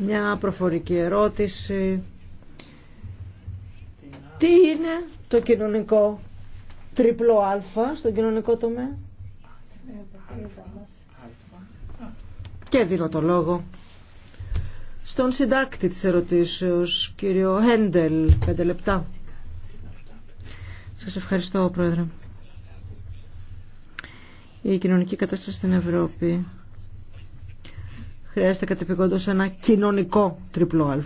μια προφορική ερώτηση. Τι είναι το κοινωνικό τριπλό αλφα στον κοινωνικό τομέα. Και δίνω το λόγο στον συντάκτη της ερωτήσεως, κύριο Χέντελ, πέντε λεπτά. Σας ευχαριστώ, Πρόεδρε. Η κοινωνική κατάσταση στην Ευρώπη χρειάζεται κατεπηγόντως ένα κοινωνικό τριπλό α.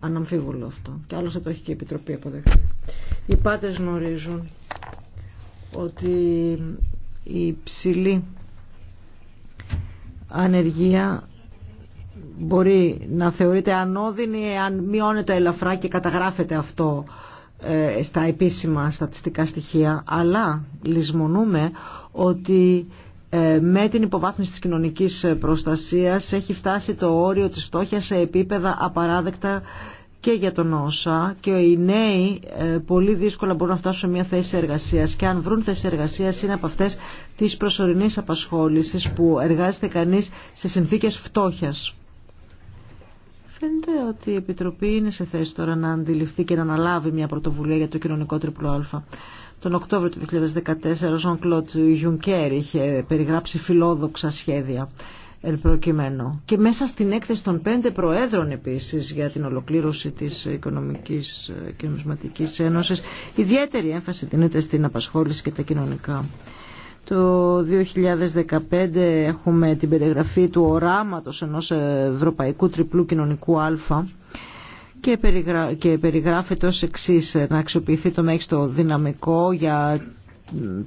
Αναμφίβολο αυτό. Και άλλωστε το έχει και η Επιτροπή αποδεχτεί. Οι πάτες γνωρίζουν ότι η ψηλή ανεργία μπορεί να θεωρείται ανώδυνη αν μειώνεται ελαφρά και καταγράφεται αυτό ε, στα επίσημα στατιστικά στοιχεία αλλά λησμονούμε ότι ε, με την υποβάθμιση της κοινωνικής προστασίας έχει φτάσει το όριο της φτώχειας σε επίπεδα απαράδεκτα και για τον όσα και οι νέοι ε, πολύ δύσκολα μπορούν να φτάσουν σε μια θέση εργασίας και αν βρουν θέση εργασίας είναι από αυτές τις προσωρινής απασχόλησης που εργάζεται κανείς σε συνθήκες φτώχειας. Φαίνεται ότι η Επιτροπή είναι σε θέση τώρα να αντιληφθεί και να αναλάβει μια πρωτοβουλία για το κοινωνικό τριπλό τον Οκτώβριο του 2014 ο Ζων Κλώτ Ιουνκέρ είχε περιγράψει φιλόδοξα σχέδια εν προκειμένου. Και μέσα στην έκθεση των πέντε προέδρων επίσης για την ολοκλήρωση της Οικονομικής και Νομισματικής Ένωσης ιδιαίτερη έμφαση δίνεται στην απασχόληση και τα κοινωνικά. Το 2015 έχουμε την περιγραφή του οράματος ενός ευρωπαϊκού τριπλού κοινωνικού αλφα και, περιγρα... και περιγράφεται ως εξή ε, να αξιοποιηθεί το μέγιστο δυναμικό για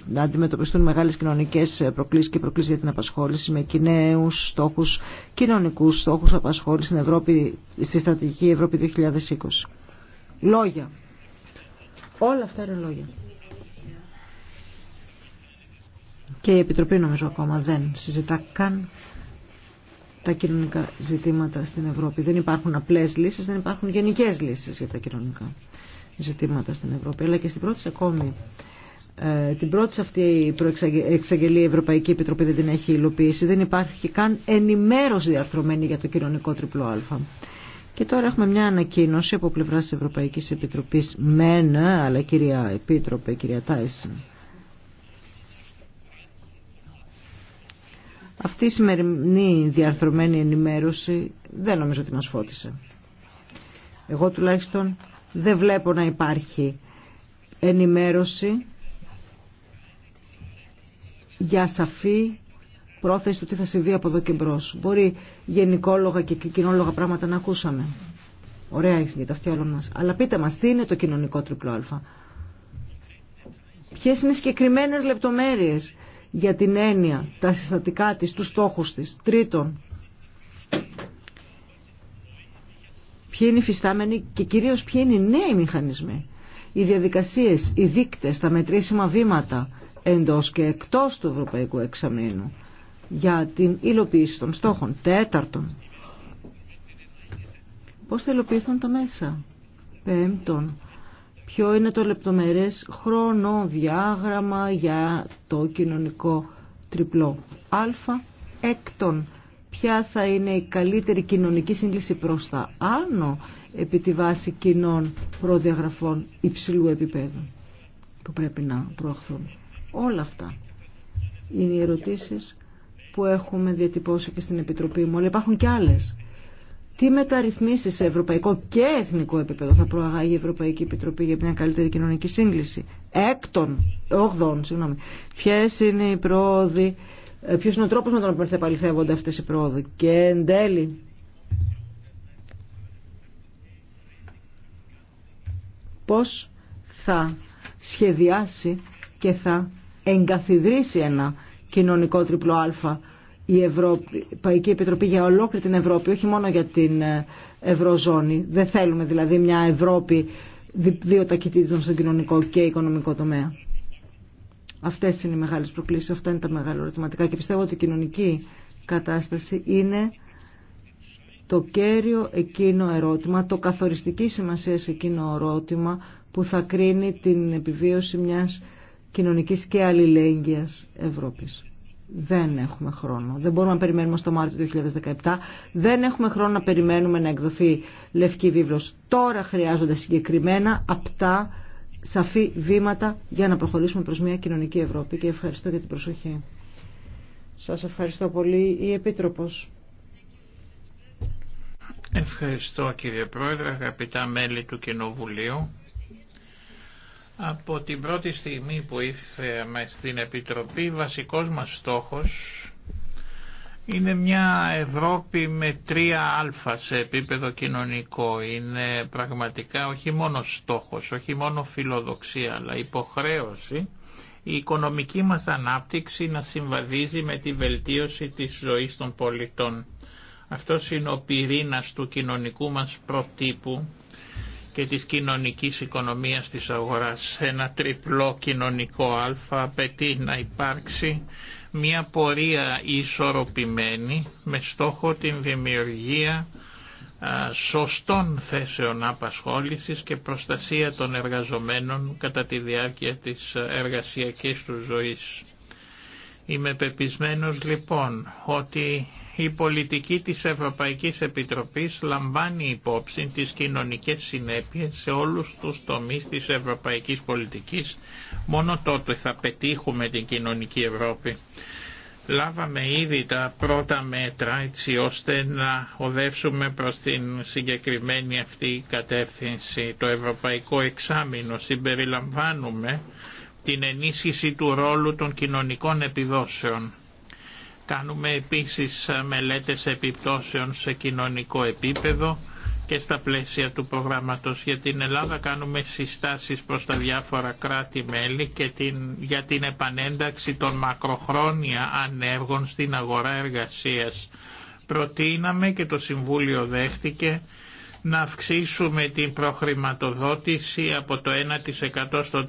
να αντιμετωπιστούν μεγάλες κοινωνικές ε, προκλήσεις και προκλήσεις για την απασχόληση με κοινέου στόχους, κοινωνικούς στόχους απασχόλησης στην Ευρώπη, στη στρατηγική Ευρώπη 2020. Λόγια. Όλα αυτά είναι λόγια. Και η Επιτροπή νομίζω ακόμα δεν συζητά καν τα κοινωνικά ζητήματα στην Ευρώπη. Δεν υπάρχουν απλές λύσεις, δεν υπάρχουν γενικές λύσεις για τα κοινωνικά ζητήματα στην Ευρώπη. Αλλά και στην πρώτη ακόμη ε, την πρώτη αυτή προεξαγγελία η Ευρωπαϊκή Επιτροπή δεν την έχει υλοποιήσει. Δεν υπάρχει καν ενημέρωση διαρθρωμένη για το κοινωνικό τριπλό Α. Και τώρα έχουμε μια ανακοίνωση από πλευρά τη Ευρωπαϊκή Επιτροπή ΜΕΝ, αλλά κυρία Επίτροπε, κυρία Τάισεν Αυτή η σημερινή διαρθρωμένη ενημέρωση δεν νομίζω ότι μας φώτισε. Εγώ τουλάχιστον δεν βλέπω να υπάρχει ενημέρωση για σαφή πρόθεση του τι θα συμβεί από εδώ και μπρο. Μπορεί γενικόλογα και κοινόλογα πράγματα να ακούσαμε. Ωραία έχεις για τα αυτιά όλων μας. Αλλά πείτε μας τι είναι το κοινωνικό τριπλό αλφα. Ποιε είναι οι συγκεκριμένε λεπτομέρειε για την έννοια, τα συστατικά της, τους στόχους της. Τρίτον, ποιοι είναι οι φυστάμενοι και κυρίως ποιοι είναι οι νέοι μηχανισμοί. Οι διαδικασίες, οι δείκτες, τα μετρήσιμα βήματα εντός και εκτός του Ευρωπαϊκού Εξαμήνου για την υλοποίηση των στόχων. Τέταρτον, πώς θα υλοποιηθούν τα μέσα. Πέμπτον, ποιο είναι το λεπτομερές χρονοδιάγραμμα για το κοινωνικό τριπλό. Α, έκτον, ποια θα είναι η καλύτερη κοινωνική σύγκληση προς τα άνω επί τη βάση κοινών προδιαγραφών υψηλού επίπεδου που πρέπει να προωθούν. Όλα αυτά είναι οι ερωτήσεις που έχουμε διατυπώσει και στην Επιτροπή μου, αλλά υπάρχουν και άλλες τι μεταρρυθμίσεις σε ευρωπαϊκό και εθνικό επίπεδο θα προαγάγει η Ευρωπαϊκή Επιτροπή για μια καλύτερη κοινωνική σύγκληση. Έκτον, όγδον, συγγνώμη. Ποιες είναι οι πρόοδοι, ε, ποιος είναι ο τρόπο με τον οποίο θα επαληθεύονται αυτέ οι πρόοδοι. Και εν τέλει, πώς θα σχεδιάσει και θα εγκαθιδρύσει ένα κοινωνικό τριπλό αλφα η Ευρωπαϊκή Επιτροπή για ολόκληρη την Ευρώπη, όχι μόνο για την ε, Ευρωζώνη. Δεν θέλουμε δηλαδή μια Ευρώπη δύο ταχυτήτων στον κοινωνικό και οικονομικό τομέα. Αυτέ είναι οι μεγάλε προκλήσεις, αυτά είναι τα μεγάλα ερωτηματικά και πιστεύω ότι η κοινωνική κατάσταση είναι το κέριο εκείνο ερώτημα, το καθοριστική σημασία σε εκείνο ερώτημα που θα κρίνει την επιβίωση μιας κοινωνικής και αλληλέγγυας Ευρώπης. Δεν έχουμε χρόνο. Δεν μπορούμε να περιμένουμε στο Μάρτιο του 2017. Δεν έχουμε χρόνο να περιμένουμε να εκδοθεί λευκή βίβλος. Τώρα χρειάζονται συγκεκριμένα, απτά, σαφή βήματα για να προχωρήσουμε προς μια κοινωνική Ευρώπη. Και ευχαριστώ για την προσοχή. Σας ευχαριστώ πολύ. Η Επίτροπος. Ευχαριστώ κύριε Πρόεδρε, αγαπητά μέλη του Κοινοβουλίου. Από την πρώτη στιγμή που ήρθαμε στην Επιτροπή, βασικός μας στόχος είναι μια Ευρώπη με τρία αλφα σε επίπεδο κοινωνικό. Είναι πραγματικά όχι μόνο στόχος, όχι μόνο φιλοδοξία, αλλά υποχρέωση η οικονομική μας ανάπτυξη να συμβαδίζει με τη βελτίωση της ζωής των πολιτών. Αυτός είναι ο πυρήνας του κοινωνικού μας προτύπου και της κοινωνικής οικονομίας της αγοράς. Ένα τριπλό κοινωνικό αλφα απαιτεί να υπάρξει μια πορεία ισορροπημένη με στόχο την δημιουργία σωστών θέσεων απασχόλησης και προστασία των εργαζομένων κατά τη διάρκεια της εργασιακής του ζωής. Είμαι πεπισμένος λοιπόν ότι η πολιτική της Ευρωπαϊκής Επιτροπής λαμβάνει υπόψη τις κοινωνικές συνέπειες σε όλους τους τομείς της ευρωπαϊκής πολιτικής. Μόνο τότε θα πετύχουμε την κοινωνική Ευρώπη. Λάβαμε ήδη τα πρώτα μέτρα έτσι ώστε να οδεύσουμε προς την συγκεκριμένη αυτή κατεύθυνση. Το Ευρωπαϊκό Εξάμεινο συμπεριλαμβάνουμε την ενίσχυση του ρόλου των κοινωνικών επιδόσεων Κάνουμε επίσης μελέτες επιπτώσεων σε κοινωνικό επίπεδο και στα πλαίσια του προγράμματος για την Ελλάδα κάνουμε συστάσεις προς τα διάφορα κράτη-μέλη και την, για την επανένταξη των μακροχρόνια ανέργων στην αγορά εργασίας. Προτείναμε και το Συμβούλιο δέχτηκε να αυξήσουμε την προχρηματοδότηση από το 1% στο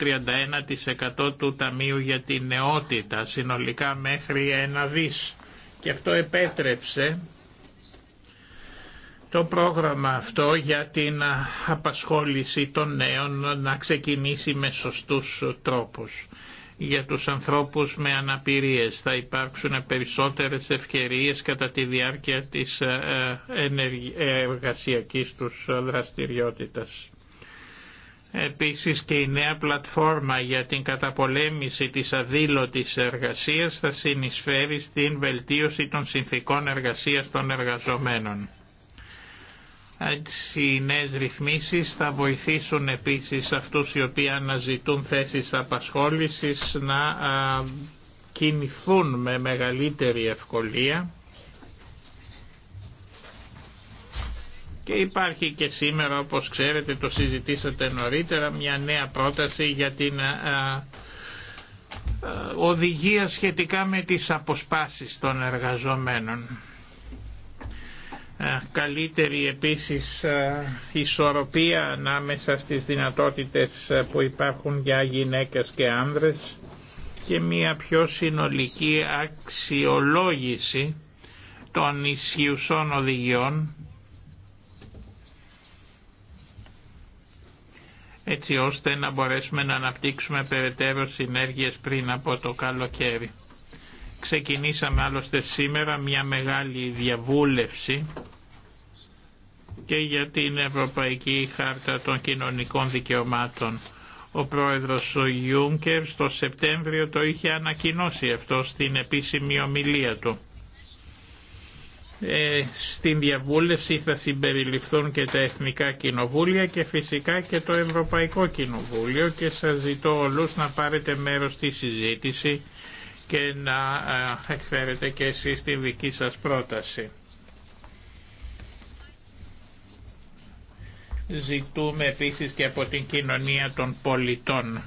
31% του Ταμείου για την Νεότητα, συνολικά μέχρι ένα δις. Και αυτό επέτρεψε το πρόγραμμα αυτό για την απασχόληση των νέων να ξεκινήσει με σωστούς τρόπους για τους ανθρώπους με αναπηρίες. Θα υπάρξουν περισσότερες ευκαιρίες κατά τη διάρκεια της ε, ε, ε, εργασιακής τους δραστηριότητας. Επίσης και η νέα πλατφόρμα για την καταπολέμηση της αδήλωτης εργασίας θα συνεισφέρει στην βελτίωση των συνθήκων εργασίας των εργαζομένων οι νέες ρυθμίσεις θα βοηθήσουν επίσης αυτούς οι οποίοι αναζητούν θέσεις απασχόλησης να κινηθούν με μεγαλύτερη ευκολία. Και υπάρχει και σήμερα όπως ξέρετε το συζητήσατε νωρίτερα μια νέα πρόταση για την οδηγία σχετικά με τις αποσπάσεις των εργαζομένων. Ε, καλύτερη επίσης ε, ισορροπία ανάμεσα στις δυνατότητες ε, που υπάρχουν για γυναίκες και άνδρες και μια πιο συνολική αξιολόγηση των ισχυουσών οδηγιών έτσι ώστε να μπορέσουμε να αναπτύξουμε περαιτέρω συνέργειες πριν από το καλοκαίρι. Ξεκινήσαμε άλλωστε σήμερα μια μεγάλη διαβούλευση και για την Ευρωπαϊκή Χάρτα των Κοινωνικών Δικαιωμάτων. Ο πρόεδρος ο Ιούνκερ στο Σεπτέμβριο το είχε ανακοινώσει αυτό στην επίσημη ομιλία του. Ε, στην διαβούλευση θα συμπεριληφθούν και τα Εθνικά Κοινοβούλια και φυσικά και το Ευρωπαϊκό Κοινοβούλιο και σας ζητώ όλους να πάρετε μέρος στη συζήτηση και να ε, εκφέρετε και εσείς τη δική σας πρόταση. Ζητούμε επίσης και από την κοινωνία των πολιτών.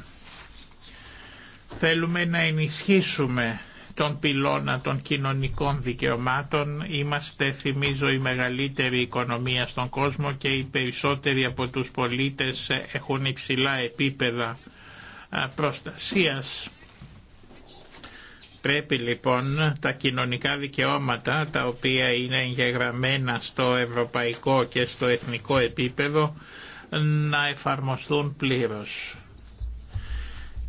Θέλουμε να ενισχύσουμε τον πυλώνα των κοινωνικών δικαιωμάτων. Είμαστε, θυμίζω, η μεγαλύτερη οικονομία στον κόσμο και οι περισσότεροι από τους πολίτες έχουν υψηλά επίπεδα ε, προστασίας Πρέπει λοιπόν τα κοινωνικά δικαιώματα τα οποία είναι εγγεγραμμένα στο ευρωπαϊκό και στο εθνικό επίπεδο να εφαρμοστούν πλήρως.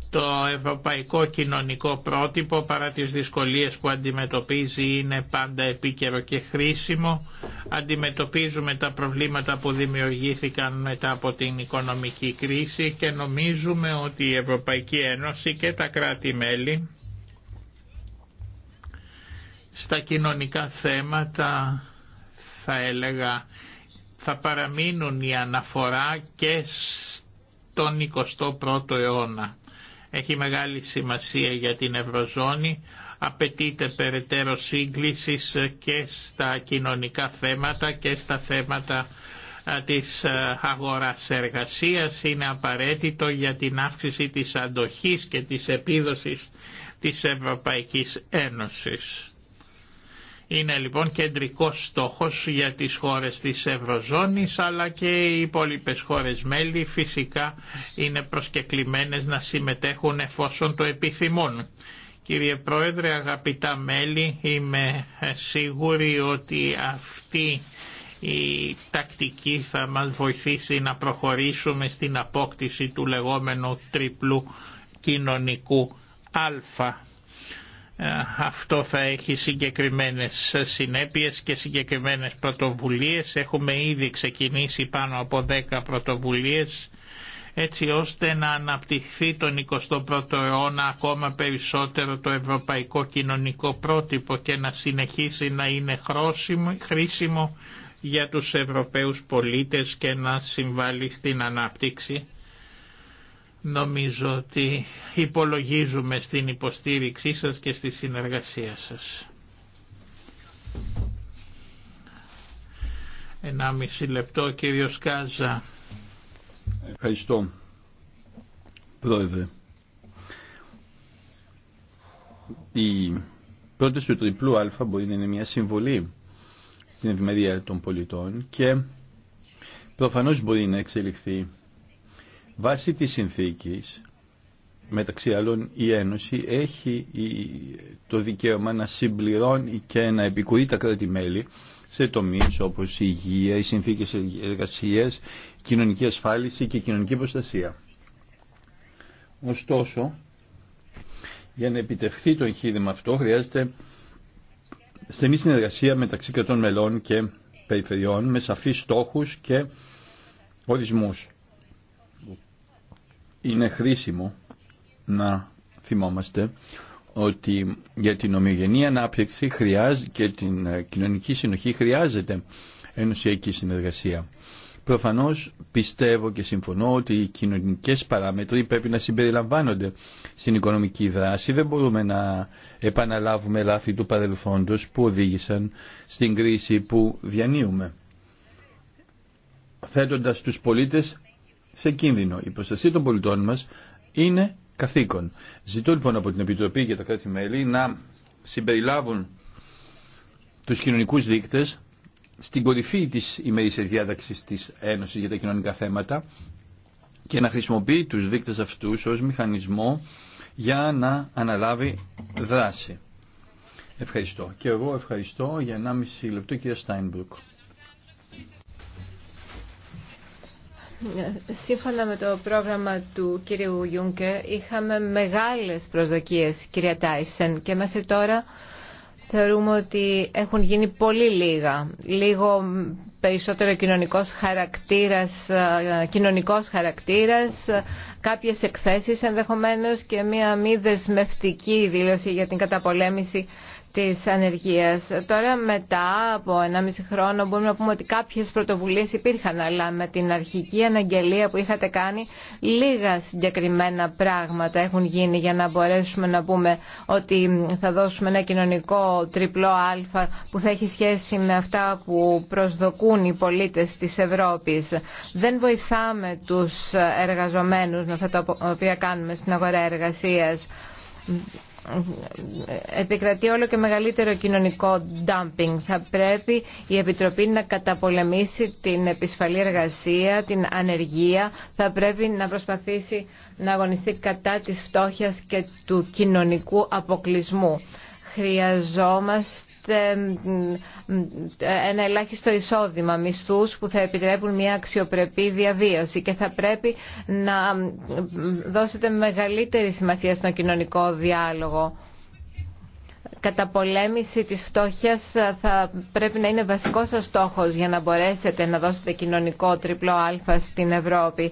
Το ευρωπαϊκό κοινωνικό πρότυπο παρά τις δυσκολίες που αντιμετωπίζει είναι πάντα επίκαιρο και χρήσιμο. Αντιμετωπίζουμε τα προβλήματα που δημιουργήθηκαν μετά από την οικονομική κρίση και νομίζουμε ότι η Ευρωπαϊκή Ένωση και τα κράτη-μέλη στα κοινωνικά θέματα θα έλεγα θα παραμείνουν η αναφορά και στον 21ο αιώνα. Έχει μεγάλη σημασία για την Ευρωζώνη, απαιτείται περαιτέρω σύγκληση και στα κοινωνικά θέματα και στα θέματα της αγοράς εργασίας είναι απαραίτητο για την αύξηση της αντοχής και της επίδοσης της Ευρωπαϊκής Ένωσης. Είναι λοιπόν κεντρικός στόχος για τις χώρες της Ευρωζώνης αλλά και οι υπόλοιπες χώρες μέλη φυσικά είναι προσκεκλημένες να συμμετέχουν εφόσον το επιθυμούν. Κύριε Πρόεδρε, αγαπητά μέλη, είμαι σίγουρη ότι αυτή η τακτική θα μας βοηθήσει να προχωρήσουμε στην απόκτηση του λεγόμενου τριπλού κοινωνικού αλφα. Ε, αυτό θα έχει συγκεκριμένες συνέπειες και συγκεκριμένες πρωτοβουλίες. Έχουμε ήδη ξεκινήσει πάνω από 10 πρωτοβουλίες έτσι ώστε να αναπτυχθεί τον 21ο αιώνα ακόμα περισσότερο το ευρωπαϊκό κοινωνικό πρότυπο και να συνεχίσει να είναι χρήσιμο για τους Ευρωπαίους πολίτες και να συμβάλλει στην ανάπτυξη Νομίζω ότι υπολογίζουμε στην υποστήριξή σας και στη συνεργασία σας. μισή λεπτό κύριο Κάζα. Ευχαριστώ. Πρόεδρε. Η πρόταση του τριπλού αλφα μπορεί να είναι μια συμβολή στην ευημερία των πολιτών και προφανώς μπορεί να εξελιχθεί Βάσει της συνθήκης, μεταξύ άλλων η Ένωση έχει το δικαίωμα να συμπληρώνει και να επικουρεί τα κράτη-μέλη σε τομείς όπως η υγεία, οι συνθήκες εργασίας, κοινωνική ασφάλιση και κοινωνική προστασία. Ωστόσο, για να επιτευχθεί το εγχείρημα αυτό χρειάζεται στενή συνεργασία μεταξύ κρατών μελών και περιφερειών με σαφείς στόχους και ορισμούς είναι χρήσιμο να θυμόμαστε ότι για την ομοιογενή ανάπτυξη χρειάζεται και την ε, κοινωνική συνοχή χρειάζεται ενωσιακή συνεργασία. Προφανώς πιστεύω και συμφωνώ ότι οι κοινωνικές παράμετροι πρέπει να συμπεριλαμβάνονται στην οικονομική δράση. Δεν μπορούμε να επαναλάβουμε λάθη του παρελθόντος που οδήγησαν στην κρίση που διανύουμε. Θέτοντας τους πολίτες σε κίνδυνο. Η προστασία των πολιτών μας είναι καθήκον. Ζητώ λοιπόν από την Επιτροπή για τα κράτη-μέλη να συμπεριλάβουν τους κοινωνικούς δείκτες στην κορυφή της ημερήσιας διάταξης της Ένωσης για τα κοινωνικά θέματα και να χρησιμοποιεί τους δείκτες αυτούς ως μηχανισμό για να αναλάβει δράση. Ευχαριστώ. Και εγώ ευχαριστώ για 1,5 λεπτό κυρία Στάινμπρουκ. Σύμφωνα με το πρόγραμμα του κύριου Γιούγκε, είχαμε μεγάλες προσδοκίες κυρία Τάισεν και μέχρι τώρα θεωρούμε ότι έχουν γίνει πολύ λίγα. Λίγο περισσότερο κοινωνικός χαρακτήρας, ε, κοινωνικός χαρακτήρας, κάποιες εκθέσεις ενδεχομένως και μια μη δεσμευτική δήλωση για την καταπολέμηση της ανεργίας. Τώρα μετά από ένα μισή χρόνο μπορούμε να πούμε ότι κάποιες πρωτοβουλίες υπήρχαν, αλλά με την αρχική αναγγελία που είχατε κάνει, λίγα συγκεκριμένα πράγματα έχουν γίνει για να μπορέσουμε να πούμε ότι θα δώσουμε ένα κοινωνικό τριπλό α που θα έχει σχέση με αυτά που προσδοκούν οι πολίτες της Ευρώπης. Δεν βοηθάμε τους εργαζομένους με αυτά τα οποία κάνουμε στην αγορά εργασίας επικρατεί όλο και μεγαλύτερο κοινωνικό dumping. Θα πρέπει η Επιτροπή να καταπολεμήσει την επισφαλή εργασία, την ανεργία. Θα πρέπει να προσπαθήσει να αγωνιστεί κατά της φτώχειας και του κοινωνικού αποκλεισμού. Χρειαζόμαστε ένα ελάχιστο εισόδημα, μισθούς που θα επιτρέπουν μια αξιοπρεπή διαβίωση και θα πρέπει να δώσετε μεγαλύτερη σημασία στον κοινωνικό διάλογο. Κατά πολέμηση της φτώχειας θα πρέπει να είναι βασικός σας στόχος για να μπορέσετε να δώσετε κοινωνικό τριπλό α στην Ευρώπη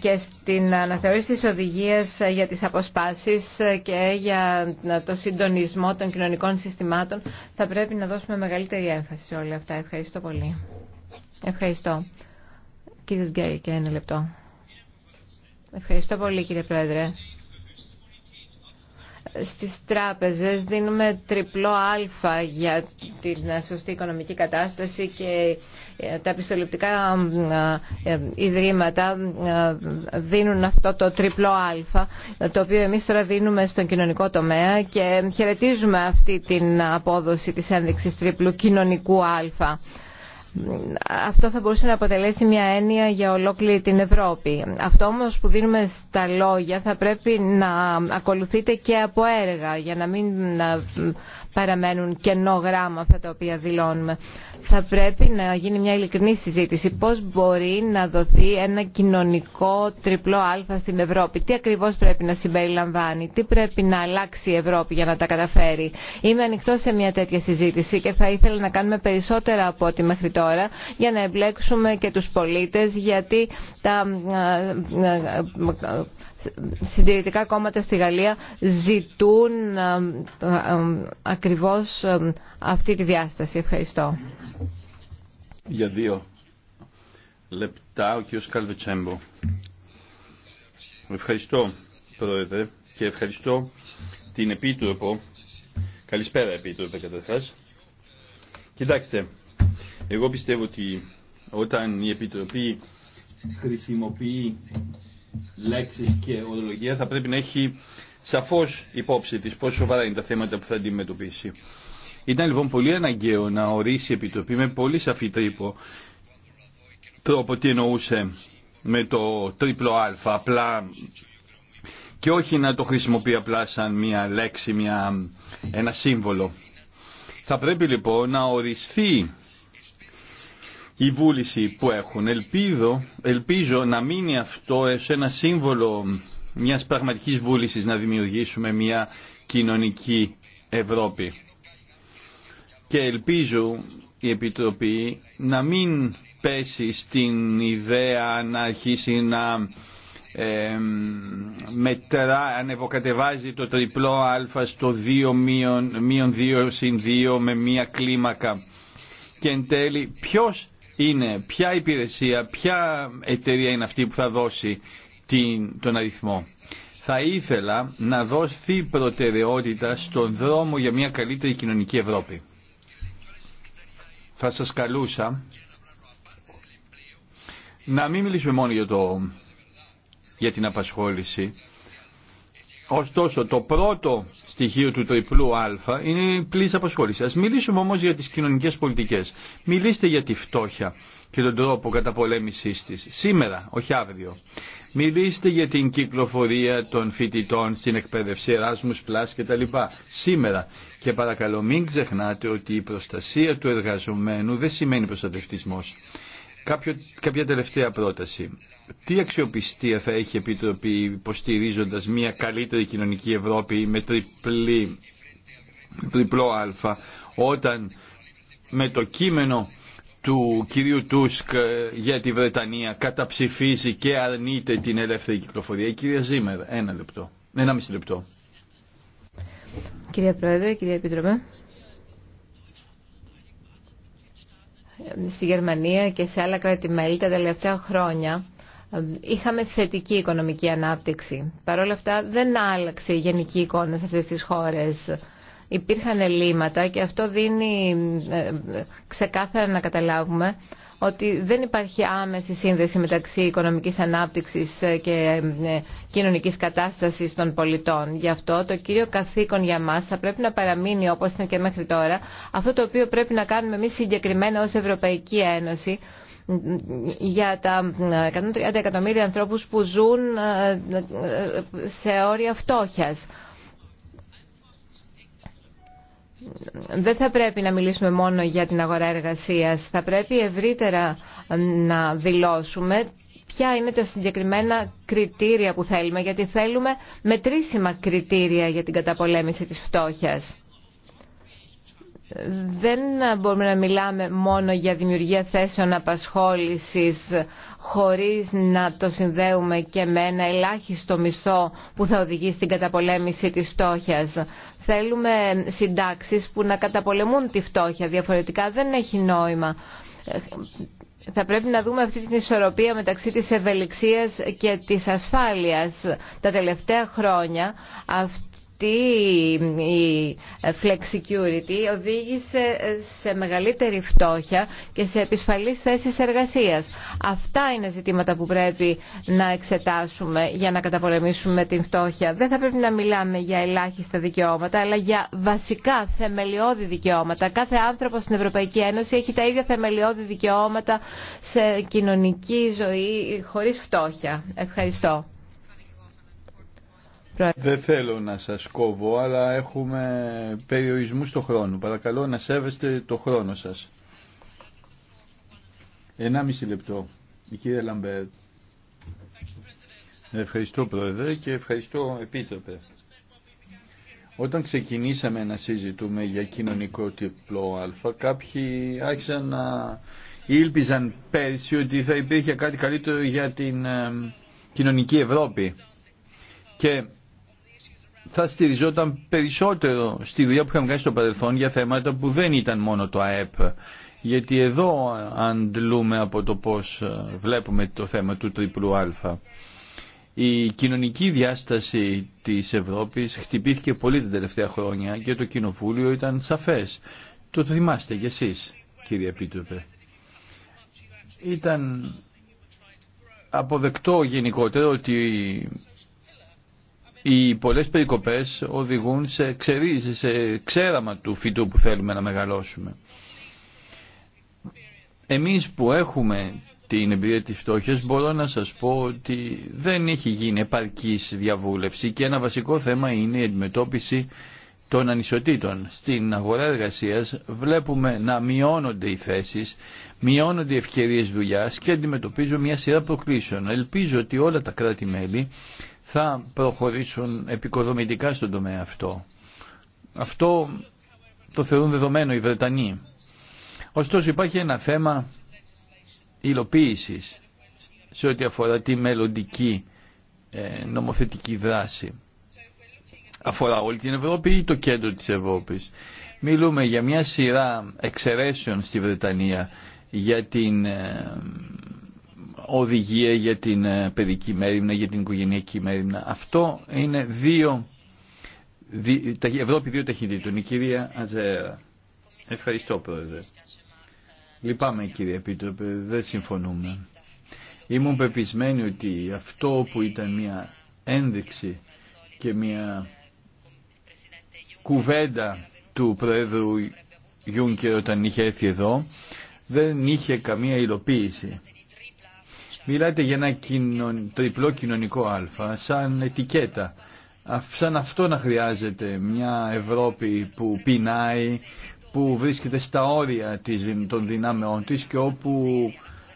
και στην αναθεώρηση της οδηγίας για τις αποσπάσεις και για το συντονισμό των κοινωνικών συστημάτων θα πρέπει να δώσουμε μεγαλύτερη έμφαση σε όλα αυτά. Ευχαριστώ πολύ. Ευχαριστώ. Κύριε Γκέι και ένα λεπτό. Ευχαριστώ πολύ κύριε Πρόεδρε στις τράπεζες δίνουμε τριπλό α για την σωστή οικονομική κατάσταση και ε, τα πιστοληπτικά ε, ε, ιδρύματα δίνουν αυτό το τριπλό α το οποίο εμείς τώρα δίνουμε στον κοινωνικό τομέα και χαιρετίζουμε αυτή την απόδοση της ένδειξης τριπλού κοινωνικού αλφα. Αυτό θα μπορούσε να αποτελέσει μια έννοια για ολόκληρη την Ευρώπη. Αυτό όμως που δίνουμε στα λόγια θα πρέπει να ακολουθείτε και από έργα για να μην παραμένουν κενό γράμμα αυτά τα οποία δηλώνουμε. Θα πρέπει να γίνει μια ειλικρινή συζήτηση. Πώς μπορεί να δοθεί ένα κοινωνικό τριπλό αλφα στην Ευρώπη. Τι ακριβώς πρέπει να συμπεριλαμβάνει. Τι πρέπει να αλλάξει η Ευρώπη για να τα καταφέρει. Είμαι ανοιχτό σε μια τέτοια συζήτηση και θα ήθελα να κάνουμε περισσότερα από ό,τι μέχρι τώρα για να εμπλέξουμε και του πολίτε γιατί τα ε, ε, ε, συντηρητικά κόμματα στη Γαλλία ζητούν ε, ε, ε, ακριβώς αυτή τη διάσταση. Ευχαριστώ. Για δύο λεπτά ο κ. Καλβετσέμπο. Ευχαριστώ, Πρόεδρε, και ευχαριστώ την Επίτροπο. Καλησπέρα, Επίτροπε, καταρχάς. Κοιτάξτε, εγώ πιστεύω ότι όταν η Επιτροπή χρησιμοποιεί λέξεις και ορολογία θα πρέπει να έχει σαφώς υπόψη τη πόσο σοβαρά είναι τα θέματα που θα αντιμετωπίσει. Ήταν λοιπόν πολύ αναγκαίο να ορίσει η Επιτροπή με πολύ σαφή τρόπο, τρόπο τι εννοούσε με το τρίπλο α, απλά και όχι να το χρησιμοποιεί απλά σαν μια λέξη, μια, ένα σύμβολο. Θα πρέπει λοιπόν να οριστεί η βούληση που έχουν. Ελπίζω, ελπίζω να μείνει αυτό σε ένα σύμβολο μιας πραγματικής βούλησης να δημιουργήσουμε μια κοινωνική Ευρώπη. Και ελπίζω η Επιτροπή να μην πέσει στην ιδέα να αρχίσει να ε, ανεβοκατεβάζει το τριπλό α στο 2 μείον, 2 συν 2 με μία κλίμακα. Και εν τέλει ποιος είναι ποια υπηρεσία, ποια εταιρεία είναι αυτή που θα δώσει τον αριθμό. Θα ήθελα να δώσει προτεραιότητα στον δρόμο για μια καλύτερη κοινωνική Ευρώπη. Θα σας καλούσα να μην μιλήσουμε μόνο για την απασχόληση, Ωστόσο, το πρώτο στοιχείο του τριπλού Α είναι η πλήρη απασχόληση. Α μιλήσουμε όμω για τι κοινωνικέ πολιτικέ. Μιλήστε για τη φτώχεια και τον τρόπο καταπολέμησή τη. Σήμερα, όχι αύριο. Μιλήστε για την κυκλοφορία των φοιτητών στην εκπαίδευση, Erasmus Plus κτλ. Σήμερα. Και παρακαλώ μην ξεχνάτε ότι η προστασία του εργαζομένου δεν σημαίνει προστατευτισμό. Κάποιο, κάποια τελευταία πρόταση. Τι αξιοπιστία θα έχει η Επιτροπή υποστηρίζοντας μια καλύτερη κοινωνική Ευρώπη με τριπλή, τριπλό α όταν με το κείμενο του κυρίου Τούσκ ε, για τη Βρετανία καταψηφίζει και αρνείται την ελεύθερη κυκλοφορία. Η κυρία Ζήμερ, ένα λεπτό, ένα μισή λεπτό. Κυρία Πρόεδρε, κυρία Επίτροπε. στη Γερμανία και σε άλλα κράτη-μέλη τα τελευταία χρόνια είχαμε θετική οικονομική ανάπτυξη. Παρ' όλα αυτά δεν άλλαξε η γενική εικόνα σε αυτές τις χώρες. Υπήρχαν ελλείμματα και αυτό δίνει ε, ε, ξεκάθαρα να καταλάβουμε ότι δεν υπάρχει άμεση σύνδεση μεταξύ οικονομικής ανάπτυξης και ε, κοινωνικής κατάστασης των πολιτών. Γι' αυτό το κύριο καθήκον για μας θα πρέπει να παραμείνει όπως είναι και μέχρι τώρα αυτό το οποίο πρέπει να κάνουμε εμείς συγκεκριμένα ως Ευρωπαϊκή Ένωση για τα 130 ε, εκατομμύρια ανθρώπους που ζουν ε, σε όρια φτώχειας δεν θα πρέπει να μιλήσουμε μόνο για την αγορά εργασίας. Θα πρέπει ευρύτερα να δηλώσουμε ποια είναι τα συγκεκριμένα κριτήρια που θέλουμε, γιατί θέλουμε μετρήσιμα κριτήρια για την καταπολέμηση της φτώχειας δεν μπορούμε να μιλάμε μόνο για δημιουργία θέσεων απασχόλησης χωρίς να το συνδέουμε και με ένα ελάχιστο μισθό που θα οδηγεί στην καταπολέμηση της φτώχειας. Θέλουμε συντάξεις που να καταπολεμούν τη φτώχεια, διαφορετικά δεν έχει νόημα. Θα πρέπει να δούμε αυτή την ισορροπία μεταξύ της ευελιξίας και της ασφάλειας. Τα τελευταία χρόνια αυτή η flexicurity οδήγησε σε μεγαλύτερη φτώχεια και σε επισφαλείς θέσεις εργασίας. Αυτά είναι ζητήματα που πρέπει να εξετάσουμε για να καταπολεμήσουμε την φτώχεια. Δεν θα πρέπει να μιλάμε για ελάχιστα δικαιώματα, αλλά για βασικά θεμελιώδη δικαιώματα. Κάθε άνθρωπος στην Ευρωπαϊκή Ένωση έχει τα ίδια θεμελιώδη δικαιώματα σε κοινωνική ζωή χωρίς φτώχεια. Ευχαριστώ. Δεν θέλω να σας κόβω, αλλά έχουμε περιορισμούς στο χρόνο. Παρακαλώ να σέβεστε το χρόνο σας. μιση λεπτό. Η κύριε Λαμπέρ. Ευχαριστώ Πρόεδρε και ευχαριστώ Επίτροπε. Όταν ξεκινήσαμε να συζητούμε για κοινωνικό τυπλό α, κάποιοι άρχισαν να ήλπιζαν πέρσι ότι θα υπήρχε κάτι καλύτερο για την κοινωνική Ευρώπη. Και θα στηριζόταν περισσότερο στη δουλειά που είχαμε κάνει στο παρελθόν για θέματα που δεν ήταν μόνο το ΑΕΠ. Γιατί εδώ αντλούμε από το πώς ε, βλέπουμε το θέμα του τριπλού α. Η κοινωνική διάσταση της Ευρώπης χτυπήθηκε πολύ τα τελευταία χρόνια και το κοινοβούλιο ήταν σαφές. Το θυμάστε κι εσείς, κύριε Επίτροπε. Ήταν αποδεκτό γενικότερα ότι οι πολλές περικοπές οδηγούν σε, σε ξέραμα του φυτού που θέλουμε να μεγαλώσουμε. Εμείς που έχουμε την εμπειρία της φτώχειας μπορώ να σας πω ότι δεν έχει γίνει επαρκής διαβούλευση και ένα βασικό θέμα είναι η αντιμετώπιση των ανισοτήτων. Στην αγορά εργασίας βλέπουμε να μειώνονται οι θέσεις, μειώνονται οι ευκαιρίες δουλειάς και αντιμετωπίζω μια σειρά προκλήσεων. Ελπίζω ότι όλα τα κράτη-μέλη θα προχωρήσουν επικοδομητικά στον τομέα αυτό. Αυτό το θεωρούν δεδομένο οι Βρετανοί. Ωστόσο υπάρχει ένα θέμα υλοποίηση σε ό,τι αφορά τη μελλοντική ε, νομοθετική δράση. Αφορά όλη την Ευρώπη ή το κέντρο της Ευρώπης. Μιλούμε για μια σειρά εξαιρέσεων στη Βρετανία για την ε, οδηγία για την ε, παιδική μέρημνα, για την οικογενειακή μέρημνα. Αυτό είναι δύο, Ευρώπη δύο ταχυντήτων. Η κυρία Ατζέρα. Ευχαριστώ πρόεδρε. Λυπάμαι κύριε Επίτροπε, δεν συμφωνούμε. Ήμουν πεπισμένη ότι αυτό που ήταν μια ένδειξη και μια κουβέντα του Πρόεδρου Γιούνκερ όταν είχε έρθει εδώ δεν είχε καμία υλοποίηση. Μιλάτε για ένα τριπλό κοινωνικό α, σαν ετικέτα. Σαν αυτό να χρειάζεται μια Ευρώπη που πεινάει, που βρίσκεται στα όρια των δυνάμεών της και όπου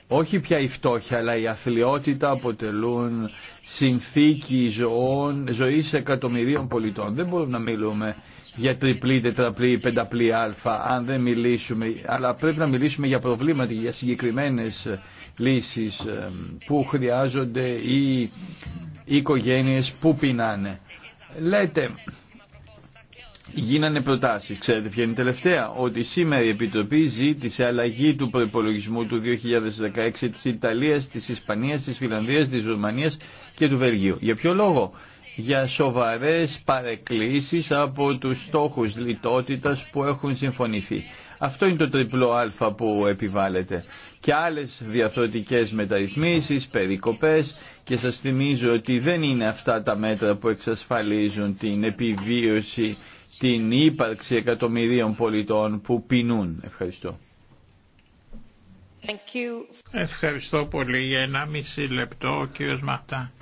όχι πια η φτώχεια αλλά η αθλειότητα αποτελούν συνθήκη ζωών, ζωής εκατομμυρίων πολιτών. Δεν μπορούμε να μιλούμε για τριπλή, τετραπλή, πενταπλή α αν δεν μιλήσουμε, αλλά πρέπει να μιλήσουμε για προβλήματα, για συγκεκριμένες λύσεις ε, που χρειάζονται οι οικογένειες που πεινάνε. Λέτε, γίνανε προτάσεις. Ξέρετε ποια είναι η τελευταία. Ότι σήμερα η Επιτροπή ζήτησε αλλαγή του προπολογισμού του 2016 της Ιταλίας, της Ισπανίας, της Φιλανδίας, της Ρουμανίας και του Βελγίου. Για ποιο λόγο? για σοβαρές παρεκκλήσεις από τους στόχους λιτότητας που έχουν συμφωνηθεί. Αυτό είναι το τριπλό α που επιβάλλεται και άλλες διαθροτικές μεταρρυθμίσεις, περικοπές και σας θυμίζω ότι δεν είναι αυτά τα μέτρα που εξασφαλίζουν την επιβίωση, την ύπαρξη εκατομμυρίων πολιτών που πεινούν. Ευχαριστώ. Ευχαριστώ πολύ. Για 1,5 λεπτό ο κύριος Μαρτά.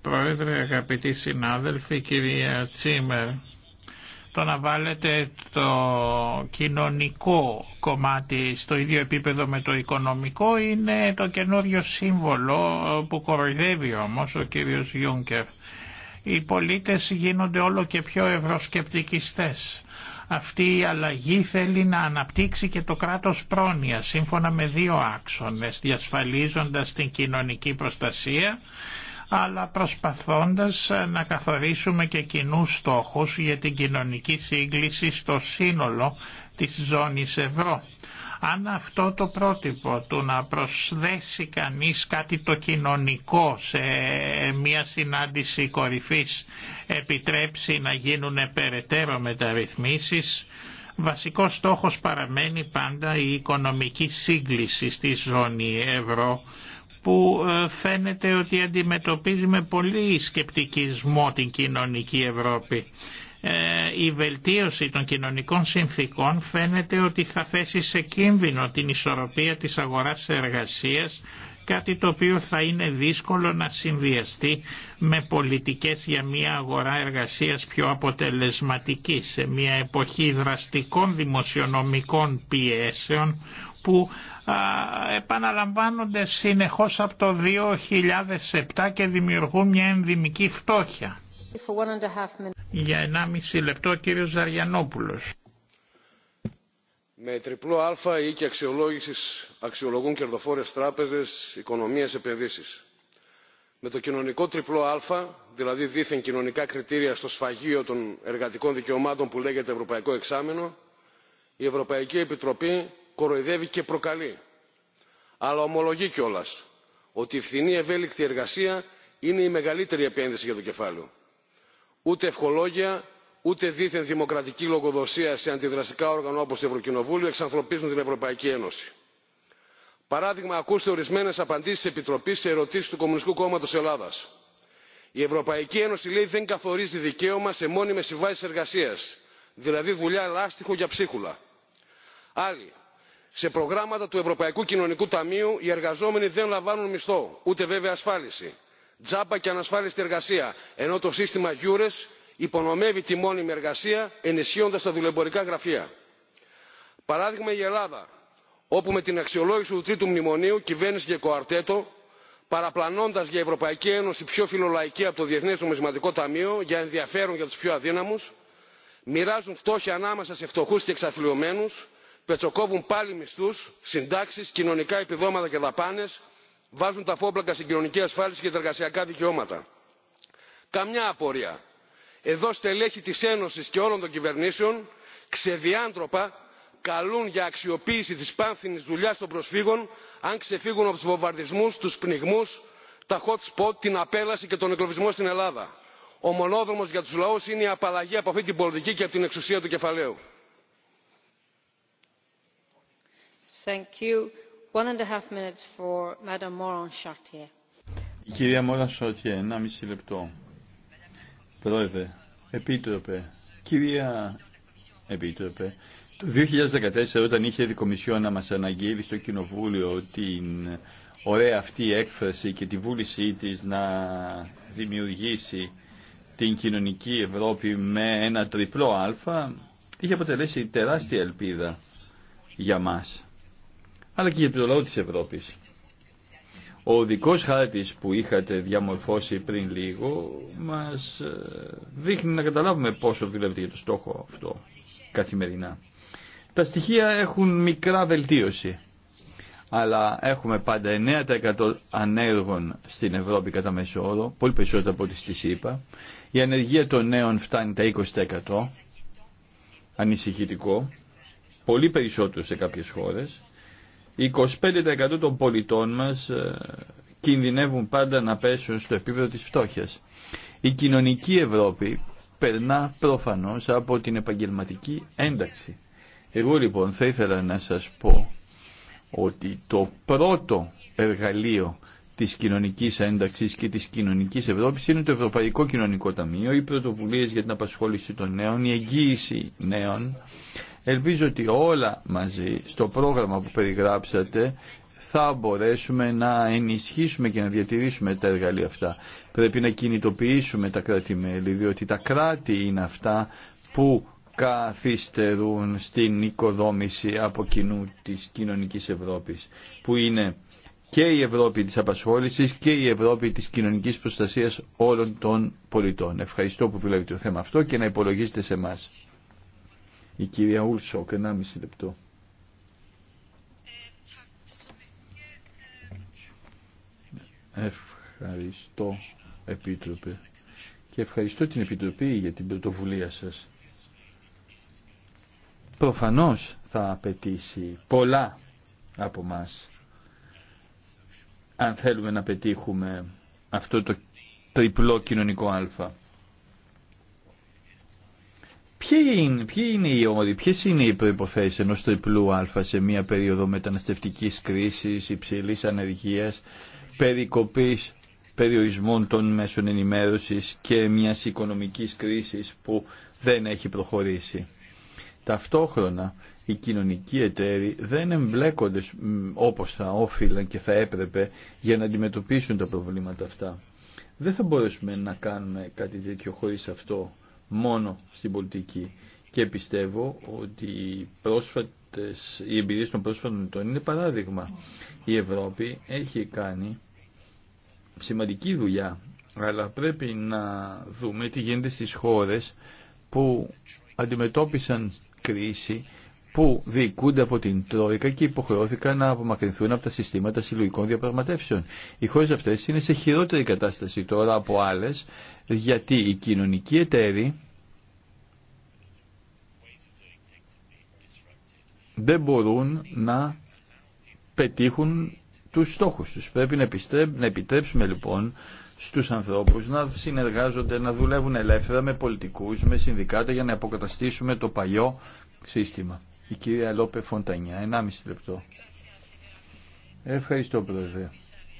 Πρόεδρε, αγαπητοί συνάδελφοι, κυρία Τσίμερ, το να βάλετε το κοινωνικό κομμάτι στο ίδιο επίπεδο με το οικονομικό είναι το καινούριο σύμβολο που κοροϊδεύει όμως ο κύριος Γιούνκερ. Οι πολίτες γίνονται όλο και πιο ευρωσκεπτικιστές. Αυτή η αλλαγή θέλει να αναπτύξει και το κράτος πρόνοια σύμφωνα με δύο άξονες, διασφαλίζοντας την κοινωνική προστασία αλλά προσπαθώντας ε, να καθορίσουμε και κοινού στόχους για την κοινωνική σύγκληση στο σύνολο της ζώνης ευρώ. Αν αυτό το πρότυπο του να προσδέσει κανείς κάτι το κοινωνικό σε ε, μια συνάντηση κορυφής επιτρέψει να γίνουν περαιτέρω μεταρρυθμίσεις, βασικός στόχος παραμένει πάντα η οικονομική σύγκληση στη ζώνη ευρώ που ε, φαίνεται ότι αντιμετωπίζει με πολύ σκεπτικισμό την κοινωνική Ευρώπη. Ε, η βελτίωση των κοινωνικών συνθήκων φαίνεται ότι θα θέσει σε κίνδυνο την ισορροπία της αγοράς εργασίας, κάτι το οποίο θα είναι δύσκολο να συνδυαστεί με πολιτικές για μια αγορά εργασίας πιο αποτελεσματική σε μια εποχή δραστικών δημοσιονομικών πιέσεων που επαναλαμβάνονται συνεχώς από το 2007 και δημιουργούν μια ενδημική φτώχεια. Για 1,5 λεπτό ο κύριος Ζαριανόπουλος. Με τριπλό αλφα ή και αξιολόγησης αξιολογούν κερδοφόρες τράπεζες, οικονομίες, επενδύσεις. Με το κοινωνικό τριπλό α, δηλαδή δίθεν κοινωνικά κριτήρια στο σφαγείο των εργατικών δικαιωμάτων που λέγεται Ευρωπαϊκό Εξάμεινο, η Ευρωπαϊκή Επιτροπή κοροϊδεύει και προκαλεί. Αλλά ομολογεί κιόλα ότι η φθηνή ευέλικτη εργασία είναι η μεγαλύτερη επένδυση για το κεφάλαιο. Ούτε ευχολόγια, ούτε δίθεν δημοκρατική λογοδοσία σε αντιδραστικά όργανα όπως το Ευρωκοινοβούλιο εξανθρωπίζουν την Ευρωπαϊκή Ένωση. Παράδειγμα, ακούστε ορισμένε απαντήσει τη Επιτροπή σε ερωτήσει του Κομμουνιστικού Κόμματο Ελλάδα. Η Ευρωπαϊκή Ένωση, λέει, δεν καθορίζει δικαίωμα σε μόνιμε συμβάσει εργασία, δηλαδή δουλειά λάστιχο για ψίχουλα. Άλλοι, σε προγράμματα του ευρωπαϊκού κοινωνικού ταμείου οι εργαζόμενοι δεν λαμβάνουν μισθό ούτε βέβαια ασφάλιση. τζάμπα και ανασφάλιστη εργασία ενώ το σύστημα eures υπονομεύει τη μόνιμη εργασία ενισχύοντας τα δουλεμπορικά γραφεία. παράδειγμα η ελλάδα όπου με την αξιολόγηση του τρίτου μνημονίου κυβέρνηση και κοαρτέτο παραπλανώντας για ευρωπαϊκή ένωση πιο φιλολαϊκή από το διεθνές νομισματικό ταμείο για ενδιαφέρον για τους πιο αδύναμους μοιράζουν φτώχεια ανάμεσα σε και πετσοκόβουν πάλι μισθούς συντάξεις κοινωνικά επιδόματα και δαπάνες βάζουν τα φόμπλακα στην κοινωνική ασφάλιση και τα εργασιακά δικαιώματα. καμιά απορία εδώ στελέχη της ένωσης και όλων των κυβερνήσεων ξεδιάντροπα καλούν για αξιοποίηση της πάνθηνης δουλειάς των προσφύγων αν ξεφύγουν από τους βομβαρδισμούς τους πνιγμούς τα hot spot την απέλαση και τον εγκλωβισμό στην ελλάδα. ο μονόδρομος για τους λαούς είναι η απαλλαγή από αυτή την πολιτική και από την εξουσία του κεφαλαίου. κυρία Μόρα Σότιε, ένα μισή λεπτό. Πρόεδρε, Επίτροπε, κυρία Επίτροπε, το 2014 όταν είχε η Κομισιόν να μας αναγγείλει στο Κοινοβούλιο την ωραία αυτή έκφραση και τη βούλησή της να δημιουργήσει την κοινωνική Ευρώπη με ένα τριπλό α, είχε αποτελέσει τεράστια ελπίδα για μας αλλά και για το λαό της Ευρώπης. Ο δικός χάρτης που είχατε διαμορφώσει πριν λίγο μας ε, δείχνει να καταλάβουμε πόσο δουλεύετε για το στόχο αυτό καθημερινά. Τα στοιχεία έχουν μικρά βελτίωση, αλλά έχουμε πάντα 9% ανέργων στην Ευρώπη κατά μέσο όρο, πολύ περισσότερο από ό,τι στις είπα. Η ανεργία των νέων φτάνει τα 20%, ανησυχητικό, πολύ περισσότερο σε κάποιες χώρες 25% των πολιτών μας ε, κινδυνεύουν πάντα να πέσουν στο επίπεδο της φτώχειας. Η κοινωνική Ευρώπη περνά προφανώς από την επαγγελματική ένταξη. Εγώ λοιπόν θα ήθελα να σας πω ότι το πρώτο εργαλείο της κοινωνικής ένταξης και της κοινωνικής Ευρώπης είναι το Ευρωπαϊκό Κοινωνικό Ταμείο, οι πρωτοβουλίες για την απασχόληση των νέων, η εγγύηση νέων, Ελπίζω ότι όλα μαζί στο πρόγραμμα που περιγράψατε θα μπορέσουμε να ενισχύσουμε και να διατηρήσουμε τα εργαλεία αυτά. Πρέπει να κινητοποιήσουμε τα κράτη-μέλη, διότι τα κράτη είναι αυτά που καθυστερούν στην οικοδόμηση από κοινού της κοινωνικής Ευρώπης, που είναι και η Ευρώπη της απασχόλησης και η Ευρώπη της κοινωνικής προστασίας όλων των πολιτών. Ευχαριστώ που δουλεύετε το θέμα αυτό και να υπολογίσετε σε εμάς. Η κυρία Ούλσοκ, 1,5 λεπτό. Ευχαριστώ, Επίτροπε. Και ευχαριστώ την Επιτροπή για την πρωτοβουλία σας. Προφανώς θα απαιτήσει πολλά από μας αν θέλουμε να πετύχουμε αυτό το τριπλό κοινωνικό αλφα. Ποιοι είναι, ποιοι είναι οι όροι, ποιε είναι οι προποθέσει ενό τριπλού Α σε μια περίοδο μεταναστευτική κρίση, υψηλή ανεργία, περικοπή περιορισμών των μέσων ενημέρωση και μια οικονομική κρίση που δεν έχει προχωρήσει. Ταυτόχρονα οι κοινωνικοί εταίροι δεν εμπλέκονται όπως θα όφυλαν και θα έπρεπε για να αντιμετωπίσουν τα προβλήματα αυτά. Δεν θα μπορέσουμε να κάνουμε κάτι τέτοιο χωρίς αυτό μόνο στην πολιτική. Και πιστεύω ότι οι, πρόσφατες, οι εμπειρίες των πρόσφατων ετών είναι παράδειγμα. Η Ευρώπη έχει κάνει σημαντική δουλειά, αλλά πρέπει να δούμε τι γίνεται στις χώρες που αντιμετώπισαν κρίση που διοικούνται από την Τρόικα και υποχρεώθηκαν να απομακρυνθούν από τα συστήματα συλλογικών διαπραγματεύσεων. Οι χώρε αυτέ είναι σε χειρότερη κατάσταση τώρα από άλλε, γιατί οι κοινωνικοί εταίροι δεν μπορούν να πετύχουν τους στόχους τους. Πρέπει να επιτρέψουμε λοιπόν στους ανθρώπους να συνεργάζονται, να δουλεύουν ελεύθερα με πολιτικούς, με συνδικάτα για να αποκαταστήσουμε το παλιό σύστημα. Η κυρία Λόπε Φοντανιά, 1,5 λεπτό. Ευχαριστώ πρόεδρε.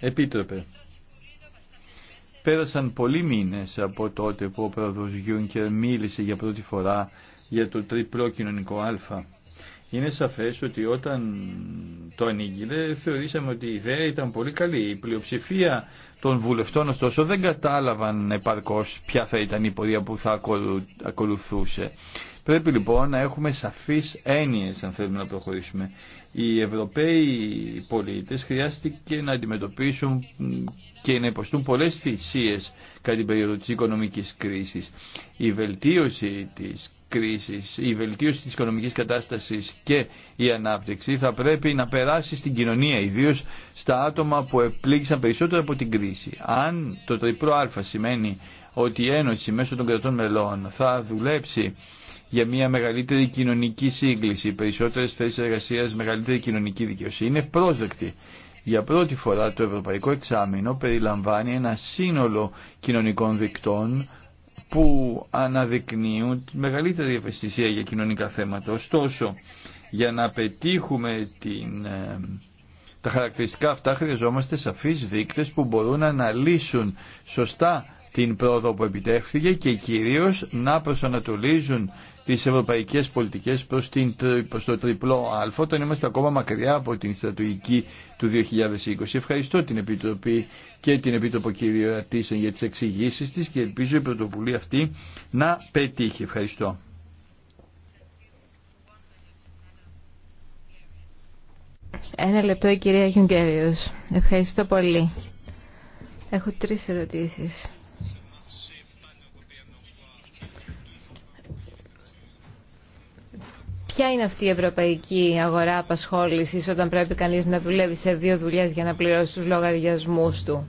Επίτροπε. Πέρασαν πολλοί μήνες από τότε που ο πρόεδρος Γιούνκερ μίλησε για πρώτη φορά για το τριπλό κοινωνικό α. Είναι σαφές ότι όταν το ανήγγειλε θεωρήσαμε ότι η ιδέα ήταν πολύ καλή. Η πλειοψηφία των βουλευτών ωστόσο δεν κατάλαβαν επαρκώς ποια θα ήταν η πορεία που θα ακολουθούσε. Πρέπει λοιπόν να έχουμε σαφείς έννοιες αν θέλουμε να προχωρήσουμε. Οι Ευρωπαίοι πολίτες χρειάστηκε να αντιμετωπίσουν και να υποστούν πολλές θυσίε κατά την περίοδο της οικονομικής κρίσης. Η βελτίωση της κρίσης, η βελτίωση της οικονομικής κατάστασης και η ανάπτυξη θα πρέπει να περάσει στην κοινωνία, ιδίω στα άτομα που επλήγησαν περισσότερο από την κρίση. Αν το τριπλό α σημαίνει ότι η Ένωση μέσω των κρατών μελών θα δουλέψει για μια μεγαλύτερη κοινωνική σύγκληση, περισσότερες θέσεις εργασίας, μεγαλύτερη κοινωνική δικαιοσύνη. Είναι ευπρόσδεκτη. Για πρώτη φορά το Ευρωπαϊκό Εξάμεινο περιλαμβάνει ένα σύνολο κοινωνικών δικτών που αναδεικνύουν μεγαλύτερη ευαισθησία για κοινωνικά θέματα. Ωστόσο, για να πετύχουμε την, τα χαρακτηριστικά αυτά χρειαζόμαστε σαφείς δείκτες που μπορούν να αναλύσουν σωστά την πρόοδο που επιτεύχθηκε και κυρίως να προσανατολίζουν τις ευρωπαϊκές πολιτικές προς, την, το τριπλό α, όταν είμαστε ακόμα μακριά από την στρατηγική του 2020. Ευχαριστώ την Επιτροπή και την Επίτροπο κύριο Τίσεν για τις εξηγήσεις της και ελπίζω η πρωτοβουλία αυτή να πετύχει. Ευχαριστώ. Ένα λεπτό η κυρία Γιουγκέριος. Ευχαριστώ πολύ. Έχω τρεις ερωτήσεις. Ποια είναι αυτή η ευρωπαϊκή αγορά απασχόλησης όταν πρέπει κανείς να δουλεύει σε δύο δουλειέ για να πληρώσει του λογαριασμού του.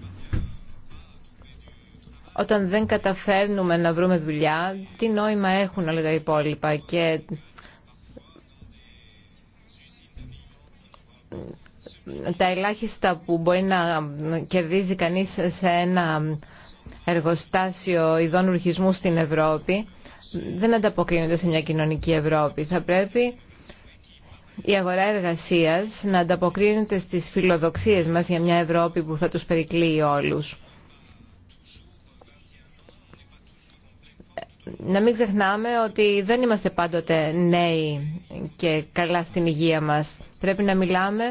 Όταν δεν καταφέρνουμε να βρούμε δουλειά, τι νόημα έχουν όλα τα υπόλοιπα και τα ελάχιστα που μπορεί να κερδίζει κανείς σε ένα εργοστάσιο ειδών ρουχισμού στην Ευρώπη δεν ανταποκρίνονται σε μια κοινωνική Ευρώπη. Θα πρέπει η αγορά εργασίας να ανταποκρίνεται στις φιλοδοξίες μας για μια Ευρώπη που θα τους περικλείει όλους. Να μην ξεχνάμε ότι δεν είμαστε πάντοτε νέοι και καλά στην υγεία μας. Πρέπει να μιλάμε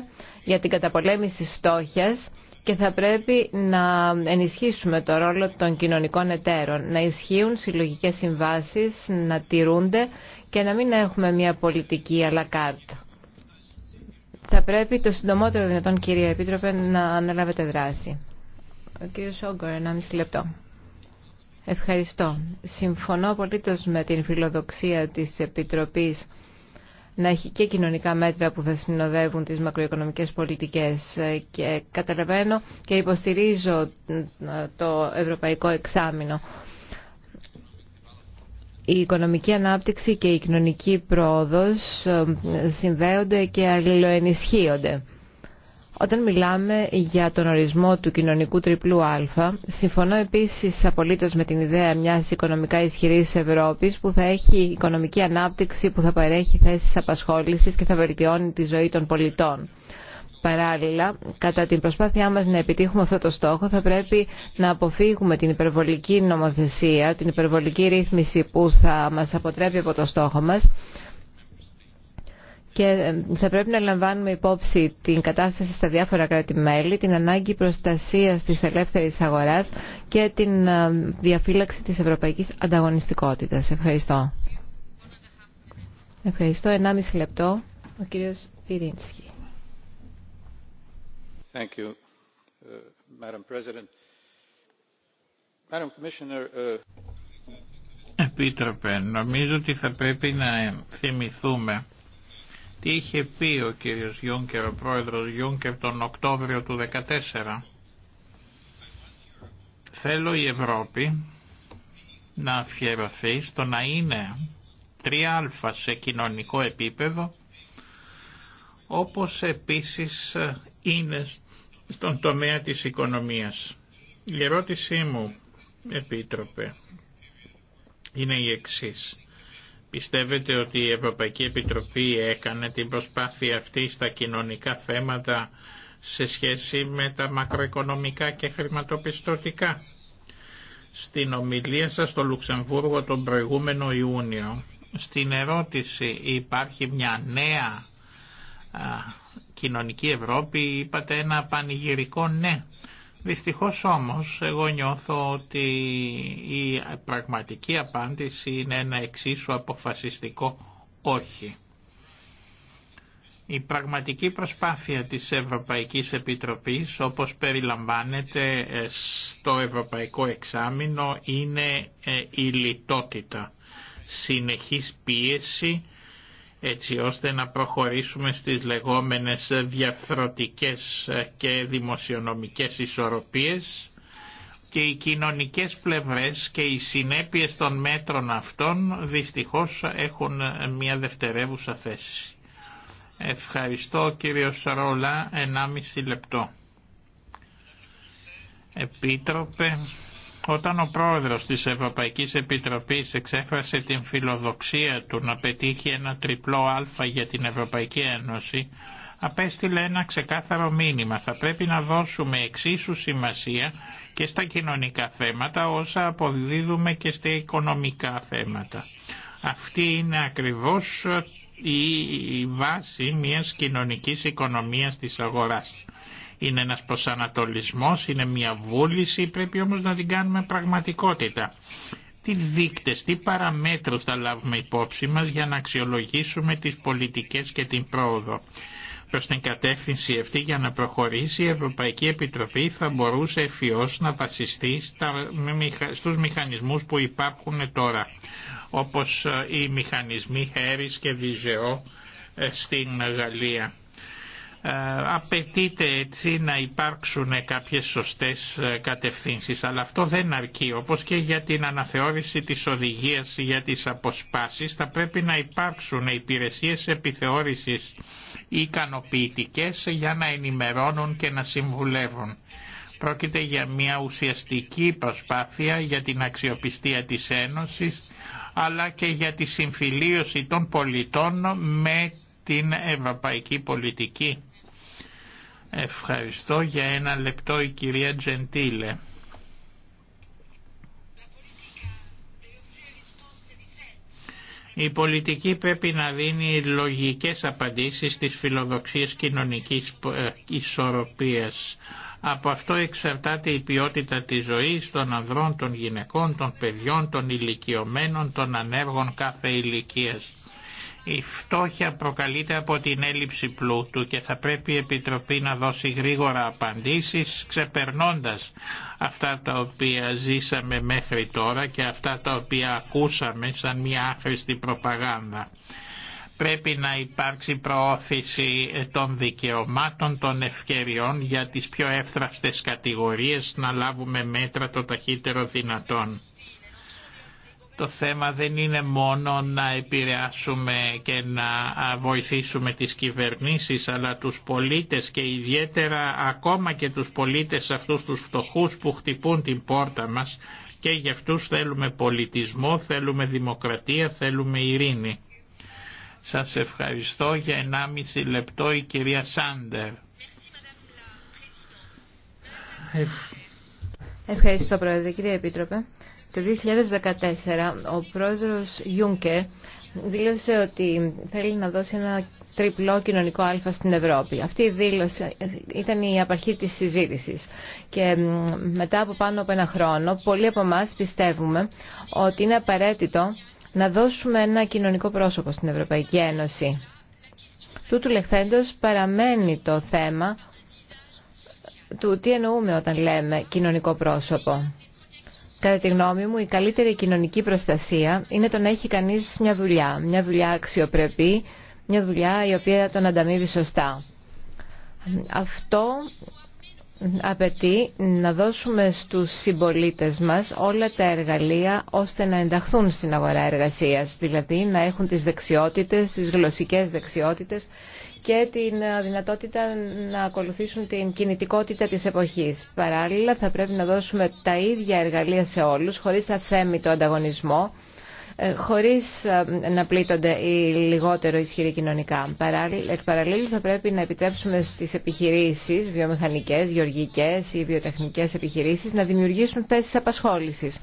για την καταπολέμηση της φτώχειας και θα πρέπει να ενισχύσουμε το ρόλο των κοινωνικών εταίρων, να ισχύουν συλλογικές συμβάσεις, να τηρούνται και να μην έχουμε μια πολιτική à Θα πρέπει το συντομότερο δυνατόν, κυρία Επίτροπε, να αναλάβετε δράση. Ο κύριος Όγκορ, ένα μισή λεπτό. Ευχαριστώ. Συμφωνώ απολύτως με την φιλοδοξία της Επιτροπής να έχει και κοινωνικά μέτρα που θα συνοδεύουν τις μακροοικονομικές πολιτικές και καταλαβαίνω και υποστηρίζω το ευρωπαϊκό εξάμεινο. Η οικονομική ανάπτυξη και η κοινωνική πρόοδος συνδέονται και αλληλοενισχύονται. Όταν μιλάμε για τον ορισμό του κοινωνικού τριπλού Α, συμφωνώ επίσης απολύτω με την ιδέα μιας οικονομικά ισχυρής Ευρώπης που θα έχει οικονομική ανάπτυξη, που θα παρέχει θέσεις απασχόλησης και θα βελτιώνει τη ζωή των πολιτών. Παράλληλα, κατά την προσπάθειά μας να επιτύχουμε αυτό το στόχο θα πρέπει να αποφύγουμε την υπερβολική νομοθεσία, την υπερβολική ρύθμιση που θα μας αποτρέπει από το στόχο μας και θα πρέπει να λαμβάνουμε υπόψη την κατάσταση στα διάφορα κράτη-μέλη, την ανάγκη προστασίας της ελεύθερης αγοράς και την διαφύλαξη της ευρωπαϊκής ανταγωνιστικότητας. Ευχαριστώ. Ευχαριστώ. 1,5 λεπτό. Ο κύριος Πυρίνσκι. Thank ε, ε, Επίτροπε, νομίζω ότι θα πρέπει να θυμηθούμε τι είχε πει ο κύριος Γιούνκερ, ο πρόεδρος Γιούνκερ τον Οκτώβριο του 2014. Θέλω η Ευρώπη να αφιερωθεί στο να είναι σε κοινωνικό επίπεδο, όπως επίσης είναι στον τομέα της οικονομίας. Η ερώτησή μου, Επίτροπε, είναι η εξής. Πιστεύετε ότι η Ευρωπαϊκή Επιτροπή έκανε την προσπάθεια αυτή στα κοινωνικά θέματα σε σχέση με τα μακροοικονομικά και χρηματοπιστωτικά. Στην ομιλία σας στο Λουξεμβούργο τον προηγούμενο Ιούνιο, στην ερώτηση υπάρχει μια νέα κοινωνική Ευρώπη, είπατε ένα πανηγυρικό ναι. Δυστυχώς όμως εγώ νιώθω ότι η πραγματική απάντηση είναι ένα εξίσου αποφασιστικό όχι. Η πραγματική προσπάθεια της Ευρωπαϊκής Επιτροπής όπως περιλαμβάνεται ε, στο Ευρωπαϊκό Εξάμεινο είναι ε, η λιτότητα, συνεχής πίεση έτσι ώστε να προχωρήσουμε στις λεγόμενες διαφθρωτικές και δημοσιονομικές ισορροπίες και οι κοινωνικές πλευρές και οι συνέπειες των μέτρων αυτών δυστυχώς έχουν μια δευτερεύουσα θέση. Ευχαριστώ κύριο Σαρόλα, 1,5 λεπτό. Επίτροπε, όταν ο πρόεδρος της Ευρωπαϊκής Επιτροπής εξέφρασε την φιλοδοξία του να πετύχει ένα τριπλό α για την Ευρωπαϊκή Ένωση, απέστειλε ένα ξεκάθαρο μήνυμα. Θα πρέπει να δώσουμε εξίσου σημασία και στα κοινωνικά θέματα όσα αποδίδουμε και στα οικονομικά θέματα. Αυτή είναι ακριβώς η βάση μιας κοινωνικής οικονομίας της αγοράς είναι ένας προσανατολισμός, είναι μια βούληση, πρέπει όμως να την κάνουμε πραγματικότητα. Τι δείκτες, τι παραμέτρους θα λάβουμε υπόψη μας για να αξιολογήσουμε τις πολιτικές και την πρόοδο. Προς την κατεύθυνση αυτή για να προχωρήσει η Ευρωπαϊκή Επιτροπή θα μπορούσε εφιώς να βασιστεί στους μηχανισμούς που υπάρχουν τώρα, όπως ε, οι μηχανισμοί Χέρις και Βιζεό στην Γαλλία ε, απαιτείται έτσι να υπάρξουν κάποιες σωστές ε, κατευθύνσεις αλλά αυτό δεν αρκεί όπως και για την αναθεώρηση της οδηγίας για τις αποσπάσεις θα πρέπει να υπάρξουν υπηρεσίες επιθεώρησης ικανοποιητικές για να ενημερώνουν και να συμβουλεύουν. Πρόκειται για μια ουσιαστική προσπάθεια για την αξιοπιστία της Ένωσης αλλά και για τη συμφιλίωση των πολιτών με την ευρωπαϊκή πολιτική. Ευχαριστώ για ένα λεπτό η κυρία Τζεντήλε. Η πολιτική πρέπει να δίνει λογικές απαντήσεις στις φιλοδοξίες κοινωνικής ε, ισορροπίας. Από αυτό εξαρτάται η ποιότητα της ζωής των ανδρών, των γυναικών, των παιδιών, των ηλικιωμένων, των ανέργων κάθε ηλικίας. Η φτώχεια προκαλείται από την έλλειψη πλούτου και θα πρέπει η Επιτροπή να δώσει γρήγορα απαντήσεις ξεπερνώντας αυτά τα οποία ζήσαμε μέχρι τώρα και αυτά τα οποία ακούσαμε σαν μια άχρηστη προπαγάνδα. Πρέπει να υπάρξει προώθηση των δικαιωμάτων, των ευκαιριών για τις πιο εύθραυστες κατηγορίες να λάβουμε μέτρα το ταχύτερο δυνατόν. Το θέμα δεν είναι μόνο να επηρεάσουμε και να βοηθήσουμε τις κυβερνήσεις αλλά τους πολίτες και ιδιαίτερα ακόμα και τους πολίτες αυτούς τους φτωχούς που χτυπούν την πόρτα μας και γι' αυτούς θέλουμε πολιτισμό, θέλουμε δημοκρατία, θέλουμε ειρήνη. Σας ευχαριστώ για 1,5 λεπτό η κυρία Σάντερ. Ευχαριστώ Πρόεδρε, κυρία Επίτροπε. Το 2014 ο πρόεδρος Γιούνκερ δήλωσε ότι θέλει να δώσει ένα τριπλό κοινωνικό άλφα στην Ευρώπη. Αυτή η δήλωση ήταν η απαρχή της συζήτησης και μετά από πάνω από ένα χρόνο πολλοί από εμά πιστεύουμε ότι είναι απαραίτητο να δώσουμε ένα κοινωνικό πρόσωπο στην Ευρωπαϊκή Ένωση. Τούτου λεχθέντος παραμένει το θέμα του τι εννοούμε όταν λέμε κοινωνικό πρόσωπο. Κατά τη γνώμη μου, η καλύτερη κοινωνική προστασία είναι το να έχει κανείς μια δουλειά, μια δουλειά αξιοπρεπή, μια δουλειά η οποία τον ανταμείβει σωστά. Αυτό απαιτεί να δώσουμε στους συμπολίτες μας όλα τα εργαλεία ώστε να ενταχθούν στην αγορά εργασίας, δηλαδή να έχουν τις δεξιότητες, τις γλωσσικές δεξιότητες και την δυνατότητα να ακολουθήσουν την κινητικότητα της εποχής. Παράλληλα, θα πρέπει να δώσουμε τα ίδια εργαλεία σε όλους, χωρίς αθέμητο ανταγωνισμό, ε, χωρίς ε, να πλήττονται οι λιγότερο ισχυροί κοινωνικά. Εκ παραλλήλου θα πρέπει να επιτρέψουμε στις επιχειρήσεις, βιομηχανικές, γεωργικές ή βιοτεχνικές επιχειρήσεις, να δημιουργήσουν θέσεις απασχόλησης.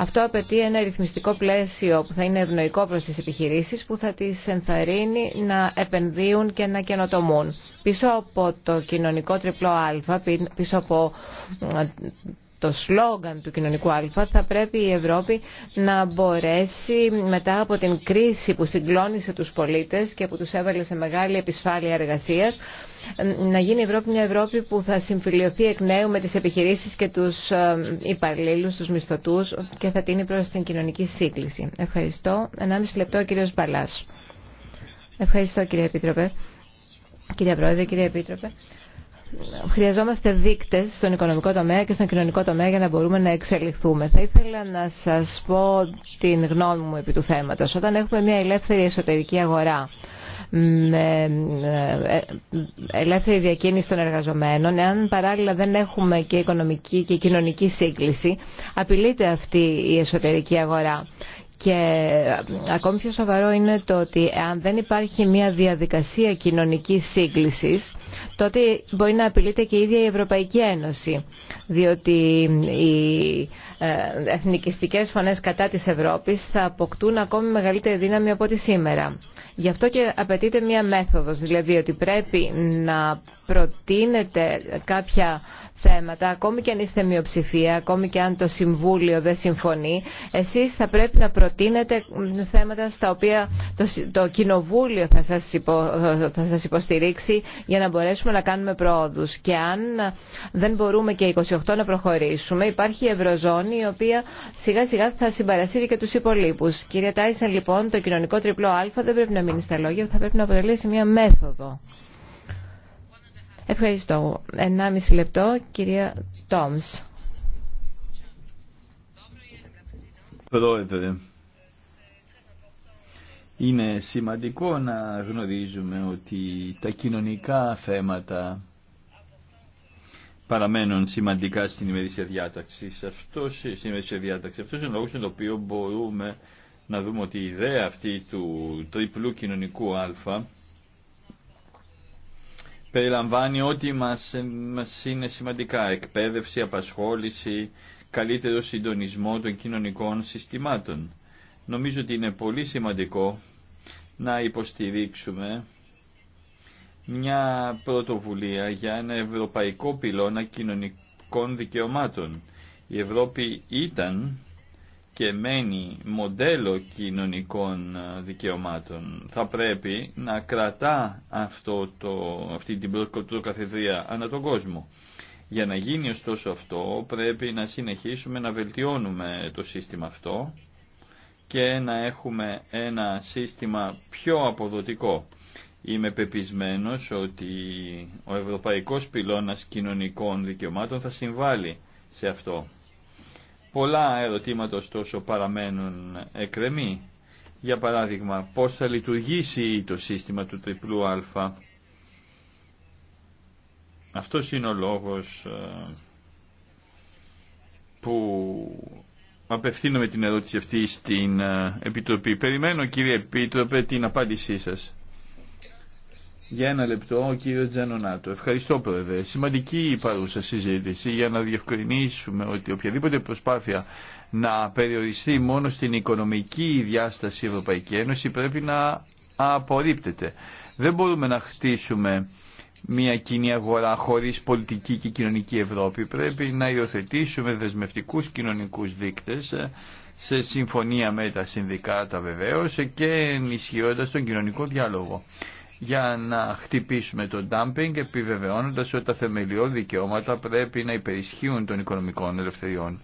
Αυτό απαιτεί ένα ρυθμιστικό πλαίσιο που θα είναι ευνοϊκό προς τις επιχειρήσεις, που θα τις ενθαρρύνει να επενδύουν και να καινοτομούν. Πίσω από το κοινωνικό τριπλό α, πίσω από το σλόγγαν του κοινωνικού αλφα θα πρέπει η Ευρώπη να μπορέσει μετά από την κρίση που συγκλώνησε τους πολίτες και που τους έβαλε σε μεγάλη επισφάλεια εργασίας, να γίνει η Ευρώπη μια Ευρώπη που θα συμφιλειωθεί εκ νέου με τις επιχειρήσεις και τους ε, υπαλλήλους, τους μισθωτούς και θα τίνει προς την κοινωνική σύγκληση. Ευχαριστώ. 1,5 λεπτό ο κύριος Μπαλάς. Ευχαριστώ κύριε Επίτροπε. Κύριε Πρόεδρε, κύριε Επίτροπε χρειαζόμαστε δείκτες στον οικονομικό τομέα και στον κοινωνικό τομέα για να μπορούμε να εξελιχθούμε. Θα ήθελα να σας πω την γνώμη μου επί του θέματος. Όταν έχουμε μια ελεύθερη εσωτερική αγορά, με ε, ε, ελεύθερη διακίνηση των εργαζομένων, εάν παράλληλα δεν έχουμε και οικονομική και κοινωνική σύγκληση, απειλείται αυτή η εσωτερική αγορά. Και ακόμη πιο σοβαρό είναι το ότι αν δεν υπάρχει μια διαδικασία κοινωνικής σύγκλησης, τότε μπορεί να απειλείται και η ίδια η Ευρωπαϊκή Ένωση. Διότι η ε, εθνικιστικές φωνές κατά της Ευρώπης θα αποκτούν ακόμη μεγαλύτερη δύναμη από ό,τι σήμερα. Γι' αυτό και απαιτείται μία μέθοδος, δηλαδή ότι πρέπει να προτείνετε κάποια θέματα, ακόμη και αν είστε μειοψηφία, ακόμη και αν το Συμβούλιο δεν συμφωνεί, εσείς θα πρέπει να προτείνετε θέματα στα οποία το, το Κοινοβούλιο θα σας, θα σας υποστηρίξει για να μπορέσουμε να κάνουμε πρόοδους. Και αν δεν μπορούμε και 28 να προχωρήσουμε, υπάρχει η Ευρωζώνη η οποία σιγά σιγά θα συμπαρασύρει και τους υπολείπους. Κυρία Τάισεν, λοιπόν, το κοινωνικό τριπλό Α δεν πρέπει να μείνει στα λόγια, θα πρέπει να αποτελέσει μια μέθοδο. Ευχαριστώ. Ενάμιση λεπτό, κυρία Τόμς. είναι σημαντικό να γνωρίζουμε ότι τα κοινωνικά θέματα παραμένουν σημαντικά στην ημερήσια διάταξη. Αυτό αυτός, στην Αυτός είναι ο λόγος στον οποίο μπορούμε να δούμε ότι η ιδέα αυτή του τριπλού κοινωνικού α περιλαμβάνει ό,τι μας, μας είναι σημαντικά. Εκπαίδευση, απασχόληση, καλύτερο συντονισμό των κοινωνικών συστημάτων. Νομίζω ότι είναι πολύ σημαντικό να υποστηρίξουμε μια πρωτοβουλία για ένα ευρωπαϊκό πυλώνα κοινωνικών δικαιωμάτων. Η Ευρώπη ήταν και μένει μοντέλο κοινωνικών ε, δικαιωμάτων. Θα πρέπει να κρατά αυτό το, αυτή την πρωτοκαθεδρία ανά τον κόσμο. Για να γίνει ωστόσο αυτό πρέπει να συνεχίσουμε να βελτιώνουμε το σύστημα αυτό και να έχουμε ένα σύστημα πιο αποδοτικό. Είμαι πεπισμένος ότι ο ευρωπαϊκός πυλώνας κοινωνικών δικαιωμάτων θα συμβάλλει σε αυτό. Πολλά ερωτήματα ωστόσο παραμένουν εκρεμή. Για παράδειγμα, πώς θα λειτουργήσει το σύστημα του τριπλού α. Αυτό είναι ο λόγος ε, που απευθύνομαι την ερώτηση αυτή στην ε, Επιτροπή. Περιμένω κύριε Επίτροπε την απάντησή σας. Για ένα λεπτό ο κύριο Τζανονάτο. Ευχαριστώ πρόεδρε. Σημαντική η παρούσα συζήτηση για να διευκρινίσουμε ότι οποιαδήποτε προσπάθεια να περιοριστεί μόνο στην οικονομική διάσταση η Ευρωπαϊκή Ένωση πρέπει να απορρίπτεται. Δεν μπορούμε να χτίσουμε μια κοινή αγορά χωρίς πολιτική και κοινωνική Ευρώπη. Πρέπει να υιοθετήσουμε δεσμευτικούς κοινωνικούς δείκτες σε συμφωνία με τα συνδικάτα βεβαίως και ενισχύοντας τον κοινωνικό διάλογο για να χτυπήσουμε το ντάμπινγκ επιβεβαιώνοντας ότι τα θεμελιώδη δικαιώματα πρέπει να υπερισχύουν των οικονομικών ελευθεριών.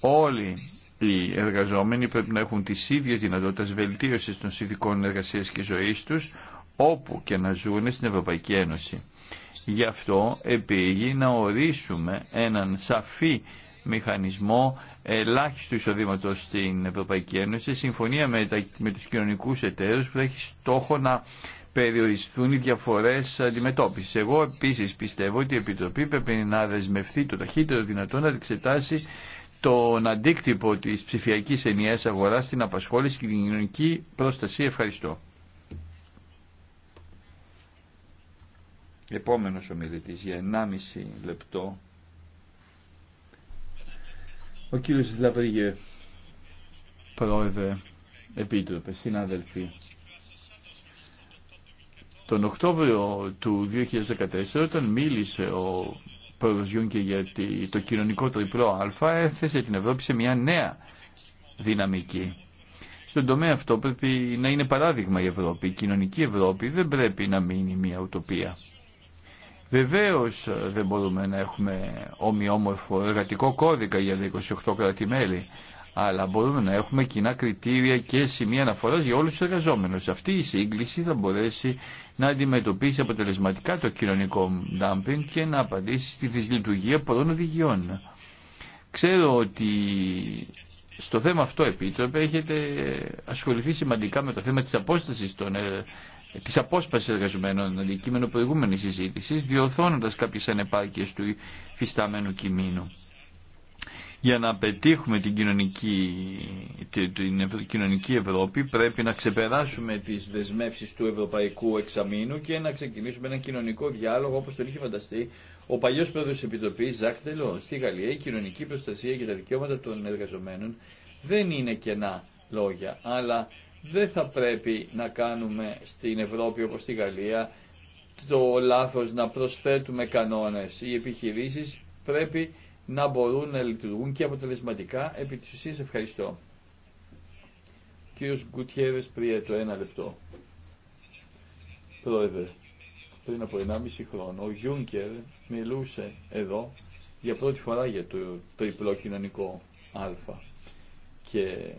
Όλοι οι εργαζόμενοι πρέπει να έχουν τις ίδιες δυνατότητες βελτίωσης των συνδικών εργασίας και ζωής τους όπου και να ζουν στην Ευρωπαϊκή Ένωση. Γι' αυτό επίγει να ορίσουμε έναν σαφή μηχανισμό ελάχιστου εισοδήματο στην Ευρωπαϊκή Ένωση, συμφωνία με, τα, με τους κοινωνικούς εταίρους που έχει στόχο να περιοριστούν οι διαφορές αντιμετώπιση. Εγώ επίσης πιστεύω ότι η Επιτροπή πρέπει να δεσμευτεί το ταχύτερο δυνατό να εξετάσει τον αντίκτυπο της ψηφιακής ενιαίας αγοράς στην απασχόληση και την κοινωνική προστασία. Ευχαριστώ. Επόμενος ομιλητής για 1,5 λεπτό. Ο κύριος Λαβρίγε, πρόεδρε, επίτροπε, συνάδελφοι. Τον Οκτώβριο του 2014 όταν μίλησε ο πρόεδρος και για το κοινωνικό τριπλό α έθεσε την Ευρώπη σε μια νέα δυναμική. Στον τομέα αυτό πρέπει να είναι παράδειγμα η Ευρώπη. Η κοινωνική Ευρώπη δεν πρέπει να μείνει μια ουτοπία. Βεβαίως ε, δεν μπορούμε να έχουμε ομοιόμορφο εργατικό κώδικα για 28 κράτη-μέλη, αλλά μπορούμε να έχουμε κοινά κριτήρια και σημεία αναφορά για όλου του εργαζόμενου. Αυτή η σύγκληση θα μπορέσει να αντιμετωπίσει αποτελεσματικά το κοινωνικό ντάμπινγκ και να απαντήσει στη δυσλειτουργία πολλών οδηγιών. Ξέρω ότι στο θέμα αυτό, Επίτροπε, έχετε ασχοληθεί σημαντικά με το θέμα της απόστασης των ε, τη απόσπαση εργαζομένων, αντικείμενο προηγούμενη συζήτηση, διορθώνοντα κάποιε ανεπάρκειε του υφιστάμενου κειμένου για να πετύχουμε την κοινωνική, την κοινωνική Ευρώπη πρέπει να ξεπεράσουμε τις δεσμεύσεις του Ευρωπαϊκού Εξαμήνου και να ξεκινήσουμε ένα κοινωνικό διάλογο όπως το είχε φανταστεί ο παλιός πρόεδρος της Επιτροπής Ζακ Στη Γαλλία η κοινωνική προστασία και τα δικαιώματα των εργαζομένων δεν είναι κενά λόγια, αλλά δεν θα πρέπει να κάνουμε στην Ευρώπη όπως στη Γαλλία το λάθος να προσθέτουμε κανόνες. Οι επιχειρήσεις πρέπει να μπορούν να λειτουργούν και αποτελεσματικά. Επί της ουσίας ευχαριστώ. Κύριος Γκουτιέρες το ένα λεπτό. Πρόεδρε, πριν από 1,5 χρόνο ο Γιούνκερ μιλούσε εδώ για πρώτη φορά για το τριπλό κοινωνικό α. Και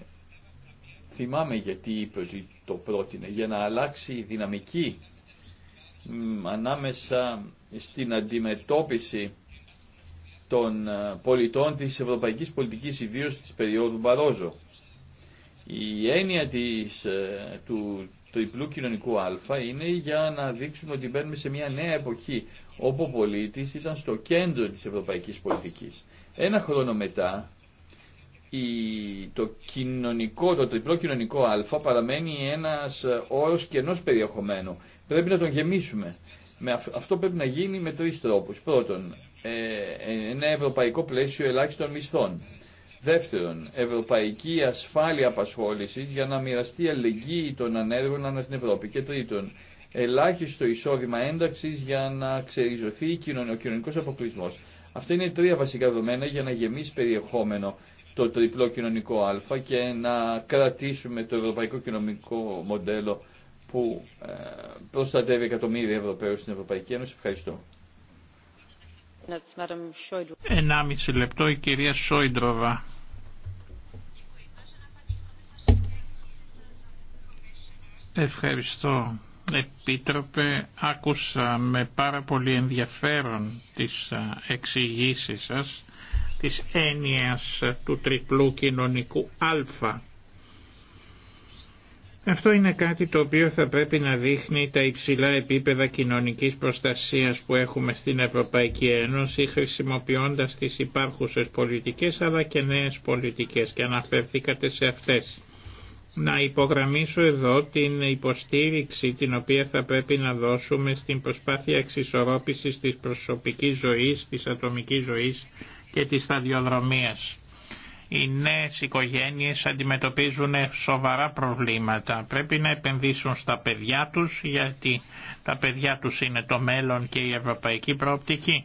θυμάμαι γιατί είπε ότι το πρότεινε, για να αλλάξει η δυναμική ανάμεσα στην αντιμετώπιση των ε, πολιτών της ευρωπαϊκής πολιτικής ιδίως της περίοδου Μπαρόζο. Η έννοια της, ε, του τριπλού κοινωνικού α είναι για να δείξουμε ότι μπαίνουμε σε μια νέα εποχή όπου ο πολίτης ήταν στο κέντρο της ευρωπαϊκής πολιτικής. Ένα χρόνο μετά η, το, κοινωνικό, το τριπλό κοινωνικό α παραμένει ένας ε, όρος κενός περιεχομένου. Πρέπει να τον γεμίσουμε. Με, αυτό πρέπει να γίνει με τρεις τρόπους. Πρώτον, ε, ε, ένα ευρωπαϊκό πλαίσιο ελάχιστων μισθών. Δεύτερον, ευρωπαϊκή ασφάλεια απασχόληση για να μοιραστεί αλληλεγγύη των ανέργων ανά την Ευρώπη. Και τρίτον, ελάχιστο εισόδημα ένταξη για να ξεριζωθεί ο κοινωνικό αποκλεισμό. Αυτά είναι τρία βασικά δεδομένα για να γεμίσει περιεχόμενο το τριπλό κοινωνικό α και να κρατήσουμε το ευρωπαϊκό κοινωνικό μοντέλο που ε, προστατεύει εκατομμύρια Ευρωπαίου στην Ευρωπαϊκή Ένωση. Ευχαριστώ. Ενάμιση λεπτό η κυρία Σόιντροβα. Ευχαριστώ. Επίτροπε, άκουσα με πάρα πολύ ενδιαφέρον τις εξηγήσεις σας της έννοιας του τριπλού κοινωνικού αλφα αυτό είναι κάτι το οποίο θα πρέπει να δείχνει τα υψηλά επίπεδα κοινωνικής προστασίας που έχουμε στην Ευρωπαϊκή Ένωση χρησιμοποιώντας τις υπάρχουσες πολιτικές αλλά και νέες πολιτικές και αναφερθήκατε σε αυτές. Να υπογραμμίσω εδώ την υποστήριξη την οποία θα πρέπει να δώσουμε στην προσπάθεια εξισορρόπησης της προσωπικής ζωής, της ατομικής ζωής και της σταδιοδρομίας οι νέες οικογένειες αντιμετωπίζουν σοβαρά προβλήματα. Πρέπει να επενδύσουν στα παιδιά τους γιατί τα παιδιά τους είναι το μέλλον και η ευρωπαϊκή προοπτική.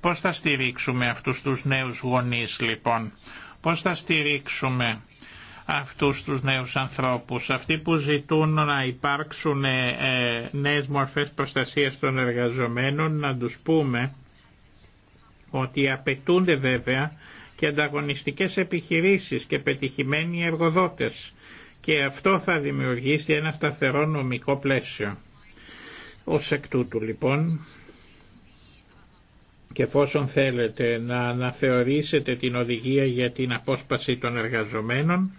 Πώς θα στηρίξουμε αυτούς τους νέους γονείς λοιπόν. Πώς θα στηρίξουμε αυτούς τους νέους ανθρώπους, αυτοί που ζητούν να υπάρξουν ε, ε, νέες μορφές προστασίας των εργαζομένων, να τους πούμε ότι απαιτούνται βέβαια και ανταγωνιστικές επιχειρήσεις και πετυχημένοι εργοδότες και αυτό θα δημιουργήσει ένα σταθερό νομικό πλαίσιο. Ως εκ τούτου λοιπόν και εφόσον θέλετε να αναθεωρήσετε την οδηγία για την απόσπαση των εργαζομένων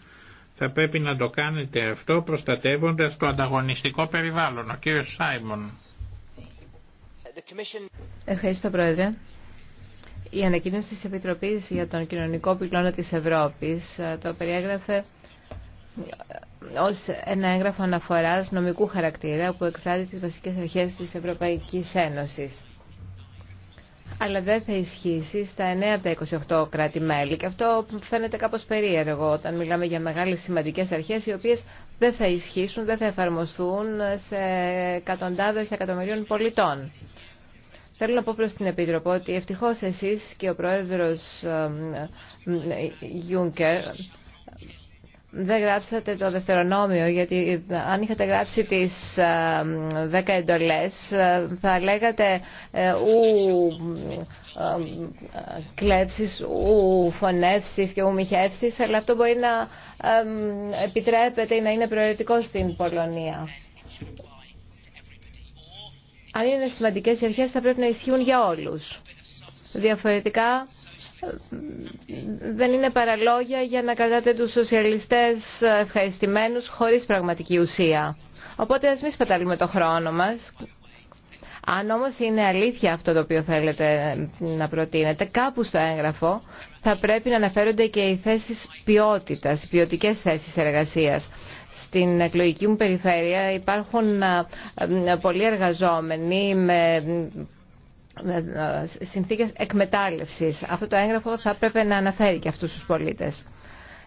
θα πρέπει να το κάνετε αυτό προστατεύοντας το ανταγωνιστικό περιβάλλον. Ο κύριος Σάιμον. Ευχαριστώ Πρόεδρε. Η ανακοίνωση της Επιτροπής για τον κοινωνικό πυλώνα της Ευρώπης ε, το περιέγραφε ε, ως ένα έγγραφο αναφοράς νομικού χαρακτήρα που εκφράζει τις βασικές αρχές της Ευρωπαϊκής Ένωσης. Αλλά δεν θα ισχύσει στα 9 από τα 28 κράτη-μέλη και αυτό φαίνεται κάπως περίεργο όταν μιλάμε για μεγάλες σημαντικές αρχές οι οποίες δεν θα ισχύσουν, δεν θα εφαρμοστούν σε εκατοντάδες εκατομμυρίων πολιτών. Θέλω να πω προς την Επίτροπο ότι ευτυχώς εσείς και ο Πρόεδρος Γιούνκερ δεν γράψατε το δευτερονόμιο, γιατί ε, αν είχατε γράψει τις δέκα εντολές ε, θα λέγατε ε, ου κλέψεις, ου φωνεύσεις και ου μοιχεύσεις, αλλά αυτό μπορεί να επιτρέπεται ή να είναι προαιρετικό στην Πολωνία αν είναι σημαντικές οι αρχές θα πρέπει να ισχύουν για όλους. Διαφορετικά δεν είναι παραλόγια για να κρατάτε τους σοσιαλιστές ευχαριστημένους χωρίς πραγματική ουσία. Οπότε ας μην σπαταλούμε το χρόνο μας. Αν όμως είναι αλήθεια αυτό το οποίο θέλετε να προτείνετε, κάπου στο έγγραφο θα πρέπει να αναφέρονται και οι θέσεις ποιότητας, οι ποιοτικές θέσεις εργασίας. Στην εκλογική μου περιφέρεια υπάρχουν πολλοί εργαζόμενοι με συνθήκες εκμετάλλευσης. Αυτό το έγγραφο θα πρέπει να αναφέρει και αυτούς τους πολίτες.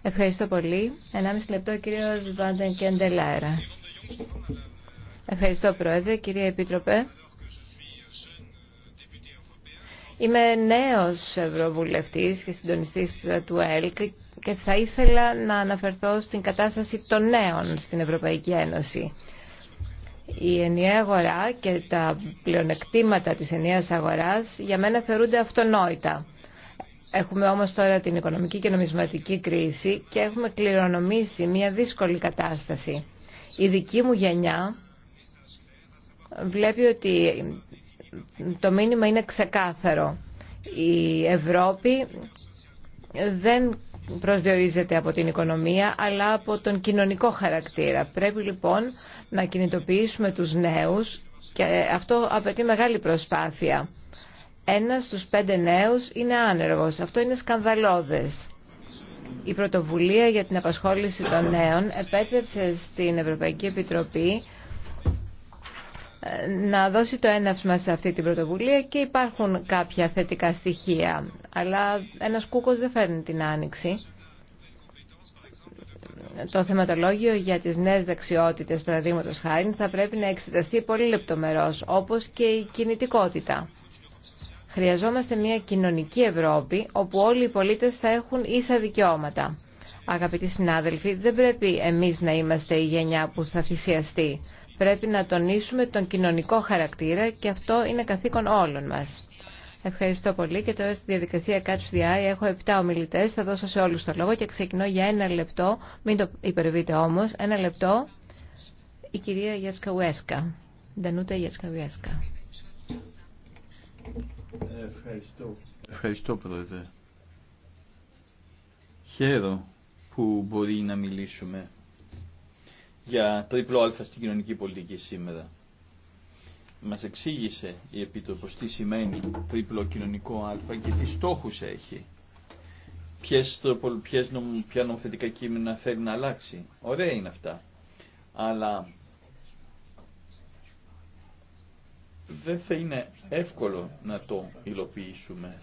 Ευχαριστώ πολύ. 1,5 λεπτό ο κύριος Βάντεν Κεντελάερα. Ευχαριστώ Πρόεδρε, κυρία Επίτροπε. Είμαι νέος Ευρωβουλευτής και συντονιστής του ΕΛΚ και θα ήθελα να αναφερθώ στην κατάσταση των νέων στην Ευρωπαϊκή Ένωση. Η ενιαία αγορά και τα πλεονεκτήματα της ενιαίας αγοράς για μένα θεωρούνται αυτονόητα. Έχουμε όμως τώρα την οικονομική και νομισματική κρίση και έχουμε κληρονομήσει μια δύσκολη κατάσταση. Η δική μου γενιά βλέπει ότι το μήνυμα είναι ξεκάθαρο. Η Ευρώπη δεν προσδιορίζεται από την οικονομία αλλά από τον κοινωνικό χαρακτήρα. Πρέπει λοιπόν να κινητοποιήσουμε τους νέους και αυτό απαιτεί μεγάλη προσπάθεια. Ένας στους πέντε νέους είναι άνεργος. Αυτό είναι σκανδαλώδες. Η πρωτοβουλία για την απασχόληση των νέων επέτρεψε στην Ευρωπαϊκή Επιτροπή να δώσει το έναυσμα σε αυτή την πρωτοβουλία και υπάρχουν κάποια θετικά στοιχεία. Αλλά ένας κούκος δεν φέρνει την άνοιξη. Το θεματολόγιο για τις νέες δεξιότητες, παραδείγματο χάρη, θα πρέπει να εξεταστεί πολύ λεπτομερώς, όπως και η κινητικότητα. Χρειαζόμαστε μια κοινωνική Ευρώπη, όπου όλοι οι πολίτες θα έχουν ίσα δικαιώματα. Αγαπητοί συνάδελφοι, δεν πρέπει εμείς να είμαστε η γενιά που θα θυσιαστεί. Πρέπει να τονίσουμε τον κοινωνικό χαρακτήρα και αυτό είναι καθήκον όλων μας. Ευχαριστώ πολύ και τώρα στη διαδικασία Catch the Eye έχω 7 ομιλητές, θα δώσω σε όλους το λόγο και ξεκινώ για ένα λεπτό, μην το υπερβείτε όμως, ένα λεπτό, η κυρία Γιασκαουέσκα, Ντανούτα Γιασκαουέσκα. Ευχαριστώ. Ευχαριστώ πρόεδρε. Χαίρο που μπορεί να μιλήσουμε για τρίπλο αλφα στην κοινωνική πολιτική σήμερα. Μας εξήγησε η Επίτροπος τι σημαίνει τρίπλο κοινωνικό αλφα και τι στόχους έχει. Ποιες, ποιες νομ, ποια νομοθετικά κείμενα θέλει να αλλάξει. Ωραία είναι αυτά. Αλλά δεν θα είναι εύκολο να το υλοποιήσουμε.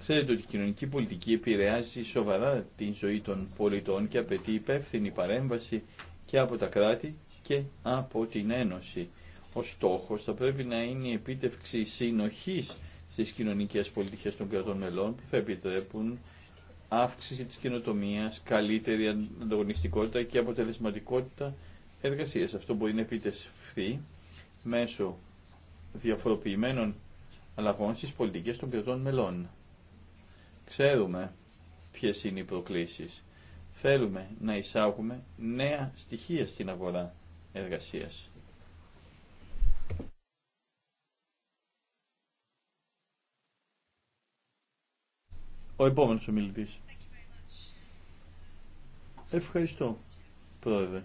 Ξέρετε ότι η κοινωνική πολιτική επηρεάζει σοβαρά την ζωή των πολιτών και απαιτεί υπεύθυνη παρέμβαση και από τα κράτη και από την Ένωση. Ο στόχος θα πρέπει να είναι η επίτευξη συνοχής στις κοινωνικές πολιτικές των κρατών μελών που θα επιτρέπουν αύξηση της καινοτομία, καλύτερη ανταγωνιστικότητα και αποτελεσματικότητα εργασίας. Αυτό μπορεί να επιτευχθεί μέσω διαφοροποιημένων αλλαγών στις πολιτικές των κρατών μελών. Ξέρουμε ποιες είναι οι προκλήσεις Θέλουμε να εισάγουμε νέα στοιχεία στην αγορά εργασίας. Ο επόμενος ομιλητής. Ευχαριστώ, πρόεδρε.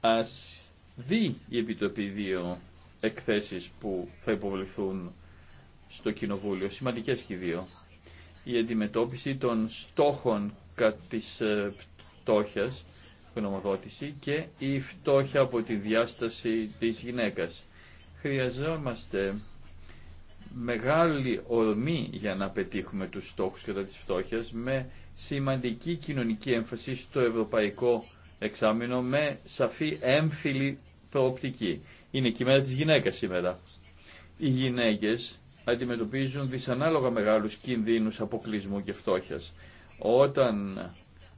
Ας δει η Επιτροπή δύο εκθέσεις που θα υποβληθούν στο Κοινοβούλιο, σημαντικές και δύο η αντιμετώπιση των στόχων της ε, φτώχειας, γνωμοδότηση και η φτώχεια από τη διάσταση της γυναίκας. Χρειαζόμαστε μεγάλη ορμή για να πετύχουμε τους στόχους κατά της φτώχειας με σημαντική κοινωνική έμφαση στο ευρωπαϊκό εξάμεινο με σαφή έμφυλη προοπτική. Είναι η μέρα της γυναίκας σήμερα. Οι γυναίκες αντιμετωπίζουν δυσανάλογα μεγάλους κινδύνους αποκλεισμού και φτώχειας. Όταν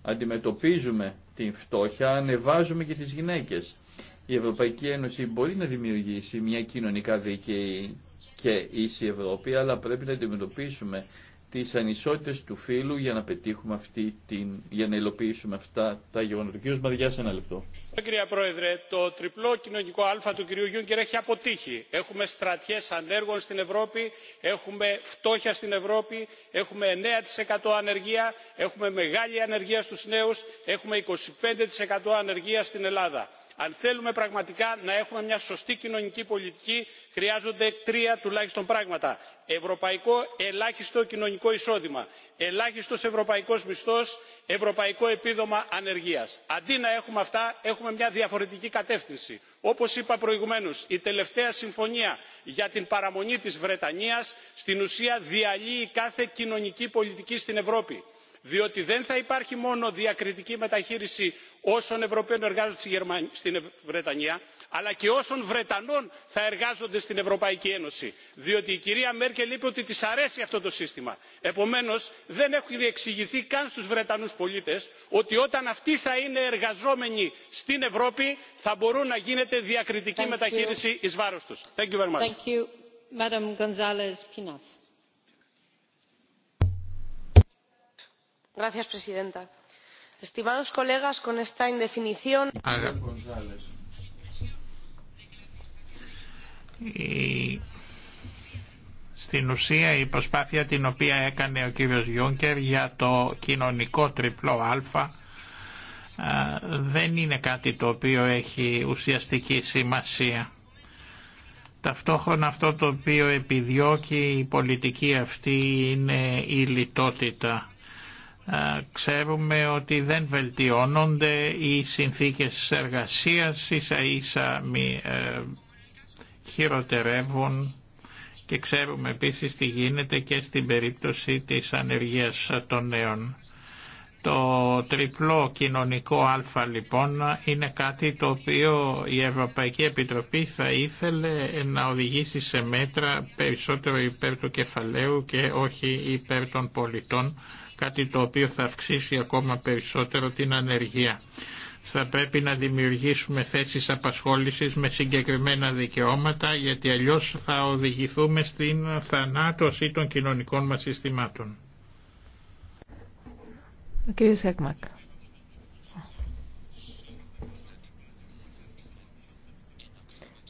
αντιμετωπίζουμε την φτώχεια, ανεβάζουμε και τις γυναίκες. Η Ευρωπαϊκή Ένωση μπορεί να δημιουργήσει μια κοινωνικά δίκαιη και ίση Ευρώπη, αλλά πρέπει να αντιμετωπίσουμε τις ανισότητες του φύλου για να πετύχουμε αυτή την, για να υλοποιήσουμε αυτά τα γεγονότα. Κύριος Μαριάς, ένα λεπτό κυρία πρόεδρε το τριπλό κοινωνικό α του κυρίου juncker έχει αποτύχει. έχουμε στρατιές ανέργων στην ευρώπη έχουμε φτώχεια στην ευρώπη έχουμε 9% ανεργία έχουμε μεγάλη ανεργία στους νέους έχουμε 25% ανεργία στην ελλάδα. αν θέλουμε πραγματικά να έχουμε μια σωστή κοινωνική πολιτική χρειάζονται τρία τουλάχιστον πράγματα ευρωπαϊκό ελάχιστο κοινωνικό εισόδημα ελάχιστος ευρωπαϊκός μισθός ευρωπαϊκό επίδομα ανεργίας. αντί να έχουμε αυτά έχουμε μια διαφορετική κατεύθυνση. όπως είπα προηγουμένως η τελευταία συμφωνία για την παραμονή της βρετανίας στην ουσία διαλύει κάθε κοινωνική πολιτική στην ευρώπη διότι δεν θα υπάρχει μόνο διακριτική μεταχείριση όσων ευρωπαίων εργάζονται στη βρετανία αλλά και όσων βρετανών θα εργάζονται στην ευρωπαϊκή ένωση διότι η κυρία μέρκελ είπε ότι της αρέσει αυτό το σύστημα. επομένως δεν έχουν εξηγηθεί καν στους βρετανούς πολίτες ότι όταν αυτοί θα είναι εργαζόμενοι στην ευρώπη θα μπορούν να γίνεται διακριτική μεταχείριση εις βάρος τους. Thank η... στην ουσία η προσπάθεια την οποία έκανε ο κύριος Γιούνκερ για το κοινωνικό τριπλό α ε, δεν είναι κάτι το οποίο έχει ουσιαστική σημασία. Ταυτόχρονα αυτό το οποίο επιδιώκει η πολιτική αυτή είναι η λιτότητα. Ε, ξέρουμε ότι δεν βελτιώνονται οι συνθήκες εργασίας, ίσα ίσα μη ε, χειροτερεύουν και ξέρουμε επίσης τι γίνεται και στην περίπτωση της ανεργίας των νέων. Το τριπλό κοινωνικό α λοιπόν είναι κάτι το οποίο η Ευρωπαϊκή Επιτροπή θα ήθελε να οδηγήσει σε μέτρα περισσότερο υπέρ του κεφαλαίου και όχι υπέρ των πολιτών, κάτι το οποίο θα αυξήσει ακόμα περισσότερο την ανεργία θα πρέπει να δημιουργήσουμε θέσεις απασχόλησης με συγκεκριμένα δικαιώματα γιατί αλλιώς θα οδηγηθούμε στην θανάτωση των κοινωνικών μας συστημάτων. Ο κύριος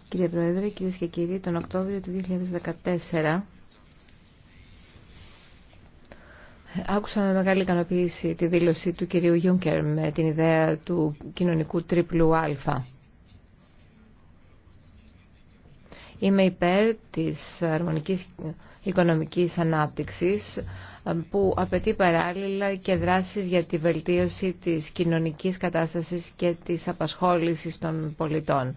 Κύριε Πρόεδρε, κυρίες και κύριοι, τον Οκτώβριο του 2014 Άκουσα με μεγάλη ικανοποίηση τη δήλωση του κυρίου Γιούνκερ με την ιδέα του κοινωνικού τρίπλου Α. Είμαι υπέρ της αρμονικής οικονομικής ανάπτυξης που απαιτεί παράλληλα και δράσεις για τη βελτίωση της κοινωνικής κατάστασης και της απασχόλησης των πολιτών.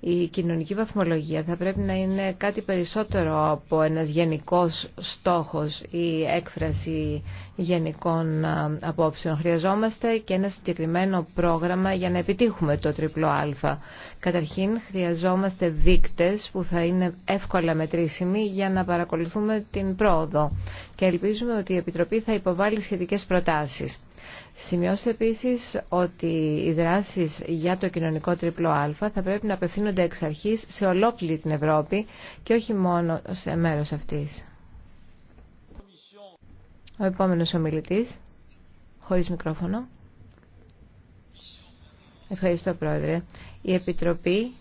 Η κοινωνική βαθμολογία θα πρέπει να είναι κάτι περισσότερο από ένας γενικός στόχος ή έκφραση γενικών απόψεων. Χρειαζόμαστε και ένα συγκεκριμένο πρόγραμμα για να επιτύχουμε το τριπλό α. Καταρχήν χρειαζόμαστε δείκτες που θα είναι εύκολα μετρήσιμοι για να παρακολουθούμε την πρόοδο και ελπίζουμε ότι η Επιτροπή θα υποβάλει σχετικές προτάσεις. Σημειώστε επίσης ότι οι δράσεις για το κοινωνικό τριπλό Α θα πρέπει να απευθύνονται εξ αρχής σε ολόκληρη την Ευρώπη και όχι μόνο σε μέρος αυτής. Ο επόμενος ομιλητής, χωρίς μικρόφωνο. Ευχαριστώ, Πρόεδρε. Η Επιτροπή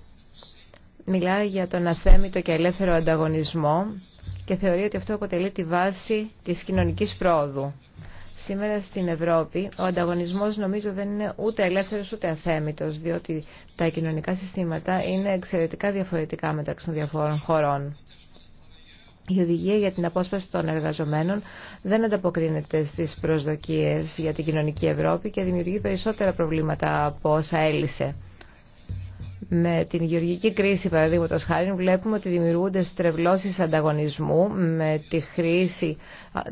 μιλάει για τον αθέμητο και ελεύθερο ανταγωνισμό και θεωρεί ότι αυτό αποτελεί τη βάση της κοινωνικής πρόοδου. Σήμερα στην Ευρώπη ο ανταγωνισμός νομίζω δεν είναι ούτε ελεύθερος ούτε αθέμητος, διότι τα κοινωνικά συστήματα είναι εξαιρετικά διαφορετικά μεταξύ των διαφόρων χωρών. Η οδηγία για την απόσπαση των εργαζομένων δεν ανταποκρίνεται στις προσδοκίες για την κοινωνική Ευρώπη και δημιουργεί περισσότερα προβλήματα από όσα έλυσε. Με την γεωργική κρίση, παραδείγματος χάρη, βλέπουμε ότι δημιουργούνται στρεβλώσεις ανταγωνισμού με τη χρήση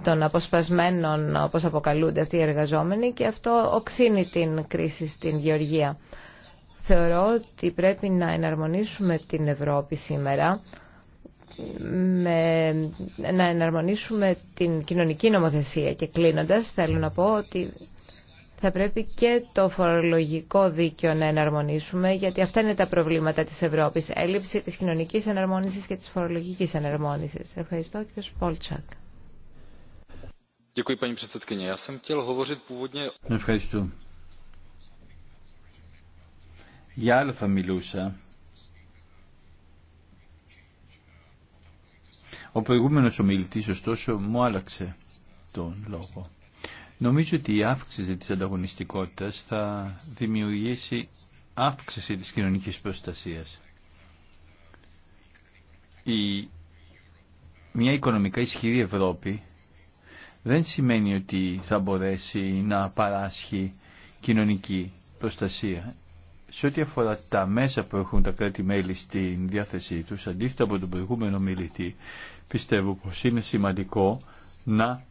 των αποσπασμένων, όπως αποκαλούνται αυτοί οι εργαζόμενοι, και αυτό οξύνει την κρίση στην γεωργία. Θεωρώ ότι πρέπει να εναρμονίσουμε την Ευρώπη σήμερα, με, να εναρμονίσουμε την κοινωνική νομοθεσία. Και κλείνοντας, θέλω να πω ότι θα πρέπει και το φορολογικό δίκαιο να εναρμονίσουμε, γιατί αυτά είναι τα προβλήματα της Ευρώπης. Έλλειψη της κοινωνικής εναρμόνισης και της φορολογικής εναρμόνισης. Ευχαριστώ, κ. Πόλτσακ. Ευχαριστώ. Για άλλο θα μιλούσα. Ο προηγούμενος ομιλητής ωστόσο μου άλλαξε τον λόγο. Νομίζω ότι η αύξηση της ανταγωνιστικότητας θα δημιουργήσει αύξηση της κοινωνικής προστασίας. Η... Μια οικονομικά ισχυρή Ευρώπη δεν σημαίνει ότι θα μπορέσει να παράσχει κοινωνική προστασία. Σε ό,τι αφορά τα μέσα που έχουν τα κράτη-μέλη στην διάθεσή τους, αντίθετα από τον προηγούμενο μιλητή, πιστεύω πως είναι σημαντικό να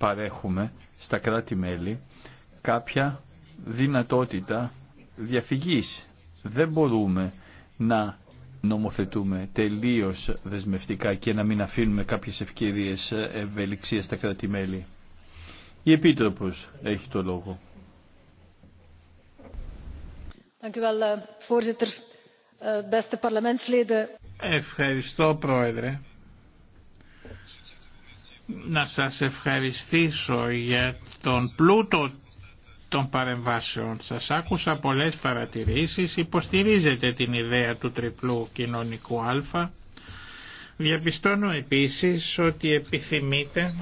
παρέχουμε στα κράτη-μέλη κάποια δυνατότητα διαφυγής. Δεν μπορούμε να νομοθετούμε τελείως δεσμευτικά και να μην αφήνουμε κάποιες ευκαιρίες ευελιξίας στα κράτη-μέλη. Η Επίτροπος έχει το λόγο. Eh, eh, Ευχαριστώ, Πρόεδρε να σας ευχαριστήσω για τον πλούτο των παρεμβάσεων. Σας άκουσα πολλές παρατηρήσεις, υποστηρίζετε την ιδέα του τριπλού κοινωνικού α. Διαπιστώνω επίσης ότι επιθυμείτε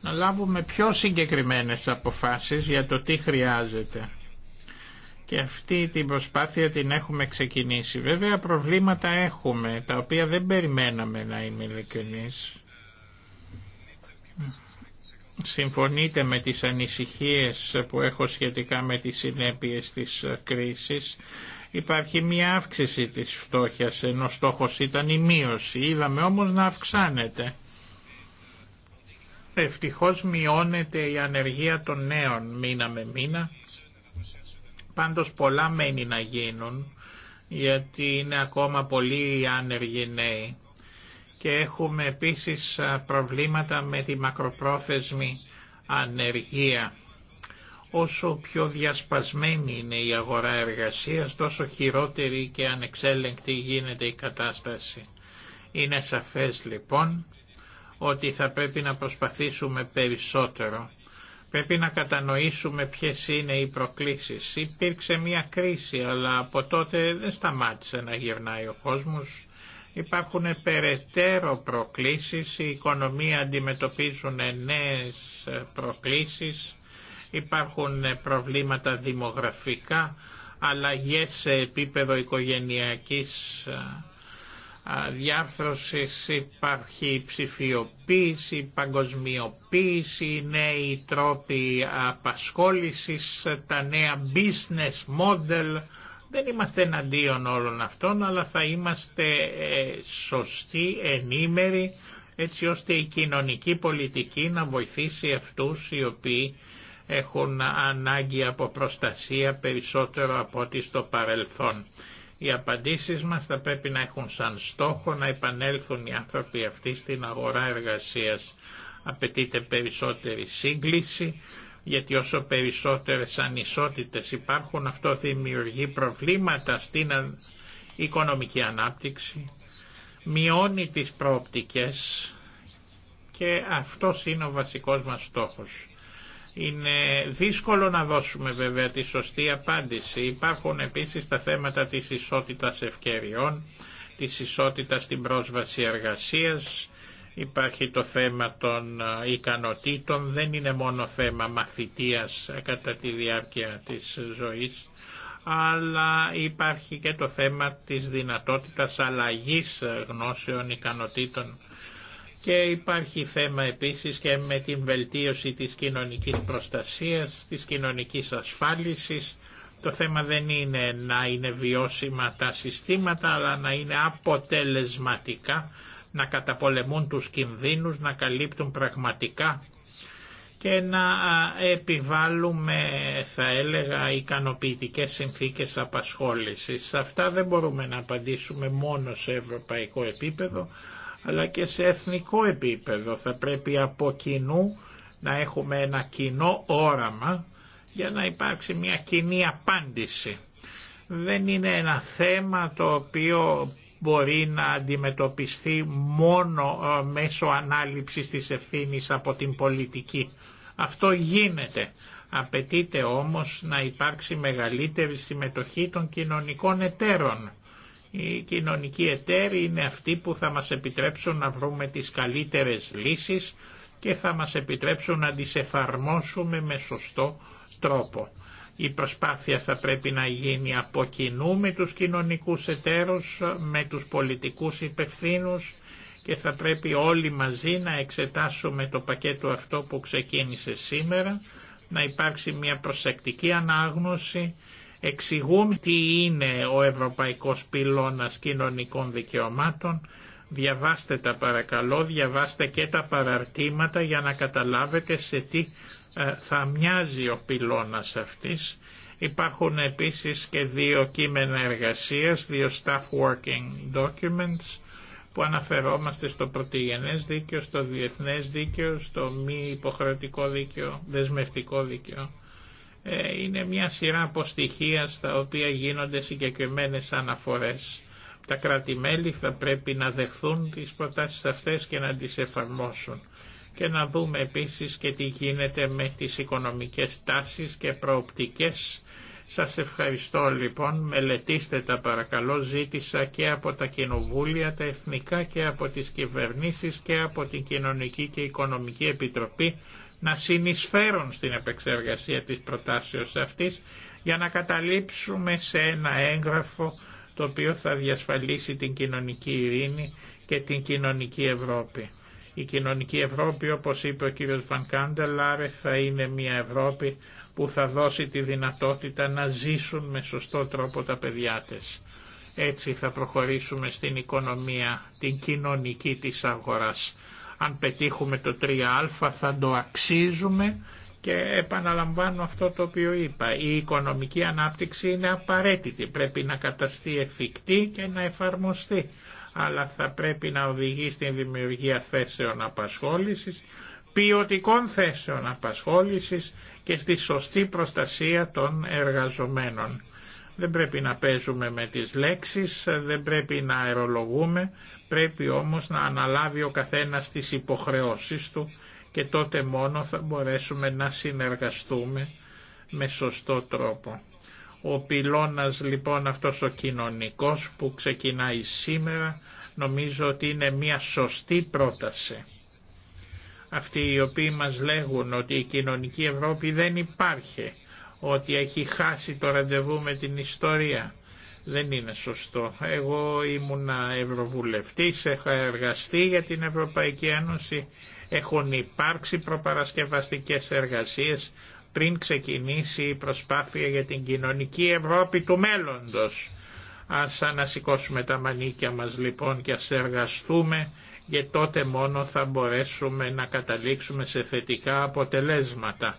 να λάβουμε πιο συγκεκριμένες αποφάσεις για το τι χρειάζεται. Και αυτή την προσπάθεια την έχουμε ξεκινήσει. Βέβαια προβλήματα έχουμε, τα οποία δεν περιμέναμε να είμαι ειλικρινής συμφωνείτε με τις ανησυχίες που έχω σχετικά με τις συνέπειες της κρίσης. Υπάρχει μια αύξηση της φτώχειας, ενώ στόχος ήταν η μείωση. Είδαμε όμως να αυξάνεται. Ευτυχώς μειώνεται η ανεργία των νέων μήνα με μήνα. Πάντως πολλά μένει να γίνουν, γιατί είναι ακόμα πολλοί οι άνεργοι νέοι και έχουμε επίσης προβλήματα με τη μακροπρόθεσμη ανεργία. Όσο πιο διασπασμένη είναι η αγορά εργασίας, τόσο χειρότερη και ανεξέλεγκτη γίνεται η κατάσταση. Είναι σαφές λοιπόν ότι θα πρέπει να προσπαθήσουμε περισσότερο. Πρέπει να κατανοήσουμε ποιες είναι οι προκλήσεις. Υπήρξε μια κρίση, αλλά από τότε δεν σταμάτησε να γυρνάει ο κόσμος. Υπάρχουν περαιτέρω προκλήσεις, η οικονομία αντιμετωπίζουν νέες προκλήσεις, υπάρχουν προβλήματα δημογραφικά, αλλαγές σε επίπεδο οικογενειακής διάρθρωσης, υπάρχει ψηφιοποίηση, παγκοσμιοποίηση, νέοι τρόποι απασχόλησης, τα νέα business model, δεν είμαστε εναντίον όλων αυτών, αλλά θα είμαστε ε, σωστοί, ενήμεροι, έτσι ώστε η κοινωνική πολιτική να βοηθήσει αυτούς οι οποίοι έχουν ανάγκη από προστασία περισσότερο από ό,τι στο παρελθόν. Οι απαντήσεις μας θα πρέπει να έχουν σαν στόχο να επανέλθουν οι άνθρωποι αυτοί στην αγορά εργασίας. Απαιτείται περισσότερη σύγκληση, γιατί όσο περισσότερες ανισότητες υπάρχουν αυτό δημιουργεί προβλήματα στην οικονομική ανάπτυξη, μειώνει τις προοπτικές και αυτό είναι ο βασικός μας στόχος. Είναι δύσκολο να δώσουμε βέβαια τη σωστή απάντηση. Υπάρχουν επίσης τα θέματα της ισότητας ευκαιριών, της ισότητας στην πρόσβαση εργασίας, Υπάρχει το θέμα των ικανοτήτων, δεν είναι μόνο θέμα μαθητείας ε, κατά τη διάρκεια της ζωής, αλλά υπάρχει και το θέμα της δυνατότητας αλλαγής ε, γνώσεων ικανοτήτων. Και υπάρχει θέμα επίσης και με την βελτίωση της κοινωνικής προστασίας, της κοινωνικής ασφάλισης. Το θέμα δεν είναι να είναι βιώσιμα τα συστήματα, αλλά να είναι αποτελεσματικά να καταπολεμούν τους κινδύνους, να καλύπτουν πραγματικά και να επιβάλλουμε, θα έλεγα, ικανοποιητικές συνθήκες απασχόλησης. Σε αυτά δεν μπορούμε να απαντήσουμε μόνο σε ευρωπαϊκό επίπεδο, αλλά και σε εθνικό επίπεδο. Θα πρέπει από κοινού να έχουμε ένα κοινό όραμα για να υπάρξει μια κοινή απάντηση. Δεν είναι ένα θέμα το οποίο μπορεί να αντιμετωπιστεί μόνο ε, μέσω ανάληψης της ευθύνης από την πολιτική. Αυτό γίνεται. Απαιτείται όμως να υπάρξει μεγαλύτερη συμμετοχή των κοινωνικών εταίρων. Οι κοινωνικοί εταίροι είναι αυτοί που θα μας επιτρέψουν να βρούμε τις καλύτερες λύσεις και θα μας επιτρέψουν να τις εφαρμόσουμε με σωστό τρόπο. Η προσπάθεια θα πρέπει να γίνει από κοινού με τους κοινωνικούς εταίρους, με τους πολιτικούς υπευθύνους και θα πρέπει όλοι μαζί να εξετάσουμε το πακέτο αυτό που ξεκίνησε σήμερα, να υπάρξει μια προσεκτική ανάγνωση, εξηγούν τι είναι ο Ευρωπαϊκός Πυλώνας Κοινωνικών Δικαιωμάτων, Διαβάστε τα παρακαλώ, διαβάστε και τα παραρτήματα για να καταλάβετε σε τι ε, θα μοιάζει ο πυλώνας αυτής. Υπάρχουν επίσης και δύο κείμενα εργασίας, δύο staff working documents που αναφερόμαστε στο πρωτογενές δίκαιο, στο διεθνές δίκαιο, στο μη υποχρεωτικό δίκαιο, δεσμευτικό δίκαιο. Ε, είναι μια σειρά από στοιχεία στα οποία γίνονται συγκεκριμένες αναφορές τα κράτη-μέλη θα πρέπει να δεχθούν τις προτάσεις αυτές και να τις εφαρμόσουν και να δούμε επίσης και τι γίνεται με τις οικονομικές τάσεις και προοπτικές. Σας ευχαριστώ λοιπόν, μελετήστε τα παρακαλώ, ζήτησα και από τα κοινοβούλια, τα εθνικά και από τις κυβερνήσεις και από την Κοινωνική και Οικονομική Επιτροπή να συνεισφέρουν στην επεξεργασία της προτάσεως αυτής για να καταλήψουμε σε ένα έγγραφο το οποίο θα διασφαλίσει την κοινωνική ειρήνη και την κοινωνική Ευρώπη. Η κοινωνική Ευρώπη, όπως είπε ο κύριος Βανκάντελάρε, θα είναι μια Ευρώπη που θα δώσει τη δυνατότητα να ζήσουν με σωστό τρόπο τα παιδιά της. Έτσι θα προχωρήσουμε στην οικονομία, την κοινωνική της αγοράς. Αν πετύχουμε το 3α θα το αξίζουμε και επαναλαμβάνω αυτό το οποίο είπα. Η οικονομική ανάπτυξη είναι απαραίτητη. Πρέπει να καταστεί εφικτή και να εφαρμοστεί. Αλλά θα πρέπει να οδηγεί στην δημιουργία θέσεων απασχόλησης, ποιοτικών θέσεων απασχόλησης και στη σωστή προστασία των εργαζομένων. Δεν πρέπει να παίζουμε με τις λέξεις, δεν πρέπει να αερολογούμε, πρέπει όμως να αναλάβει ο καθένας τις υποχρεώσεις του και τότε μόνο θα μπορέσουμε να συνεργαστούμε με σωστό τρόπο. Ο πυλώνας λοιπόν αυτός ο κοινωνικός που ξεκινάει σήμερα νομίζω ότι είναι μια σωστή πρόταση. Αυτοί οι οποίοι μας λέγουν ότι η κοινωνική Ευρώπη δεν υπάρχει, ότι έχει χάσει το ραντεβού με την ιστορία, δεν είναι σωστό. Εγώ ήμουνα ευρωβουλευτής, έχω εργαστεί για την Ευρωπαϊκή Ένωση, έχουν υπάρξει προπαρασκευαστικές εργασίες πριν ξεκινήσει η προσπάθεια για την κοινωνική Ευρώπη του μέλλοντος. Ας ανασηκώσουμε τα μανίκια μας λοιπόν και ας εργαστούμε και τότε μόνο θα μπορέσουμε να καταλήξουμε σε θετικά αποτελέσματα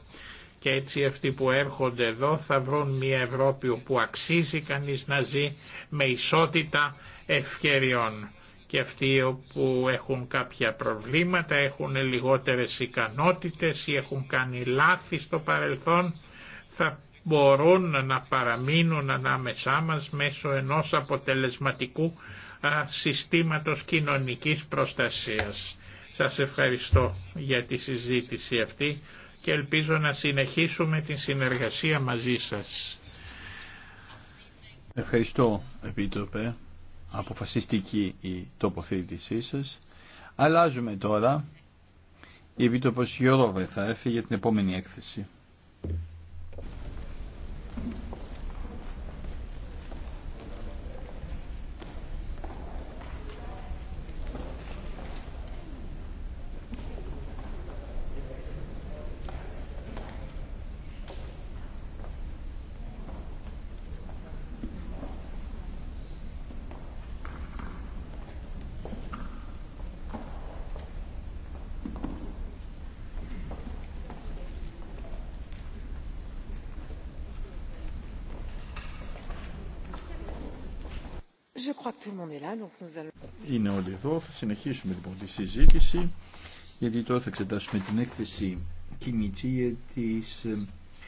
και έτσι αυτοί που έρχονται εδώ θα βρουν μια Ευρώπη όπου αξίζει κανείς να ζει με ισότητα ευκαιριών και αυτοί που έχουν κάποια προβλήματα, έχουν λιγότερες ικανότητες ή έχουν κάνει λάθη στο παρελθόν θα μπορούν να παραμείνουν ανάμεσά μας μέσω ενός αποτελεσματικού συστήματος κοινωνικής προστασίας. Σας ευχαριστώ για τη συζήτηση αυτή και ελπίζω να συνεχίσουμε την συνεργασία μαζί σας. Ευχαριστώ, Επίτροπε. Αποφασιστική η τοποθέτησή σας. Αλλάζουμε τώρα. Η Επίτροπος Γιώργο θα έρθει για την επόμενη έκθεση. Είναι όλοι εδώ. Θα συνεχίσουμε λοιπόν τη συζήτηση γιατί τώρα θα εξετάσουμε την έκθεση κινητή της ε,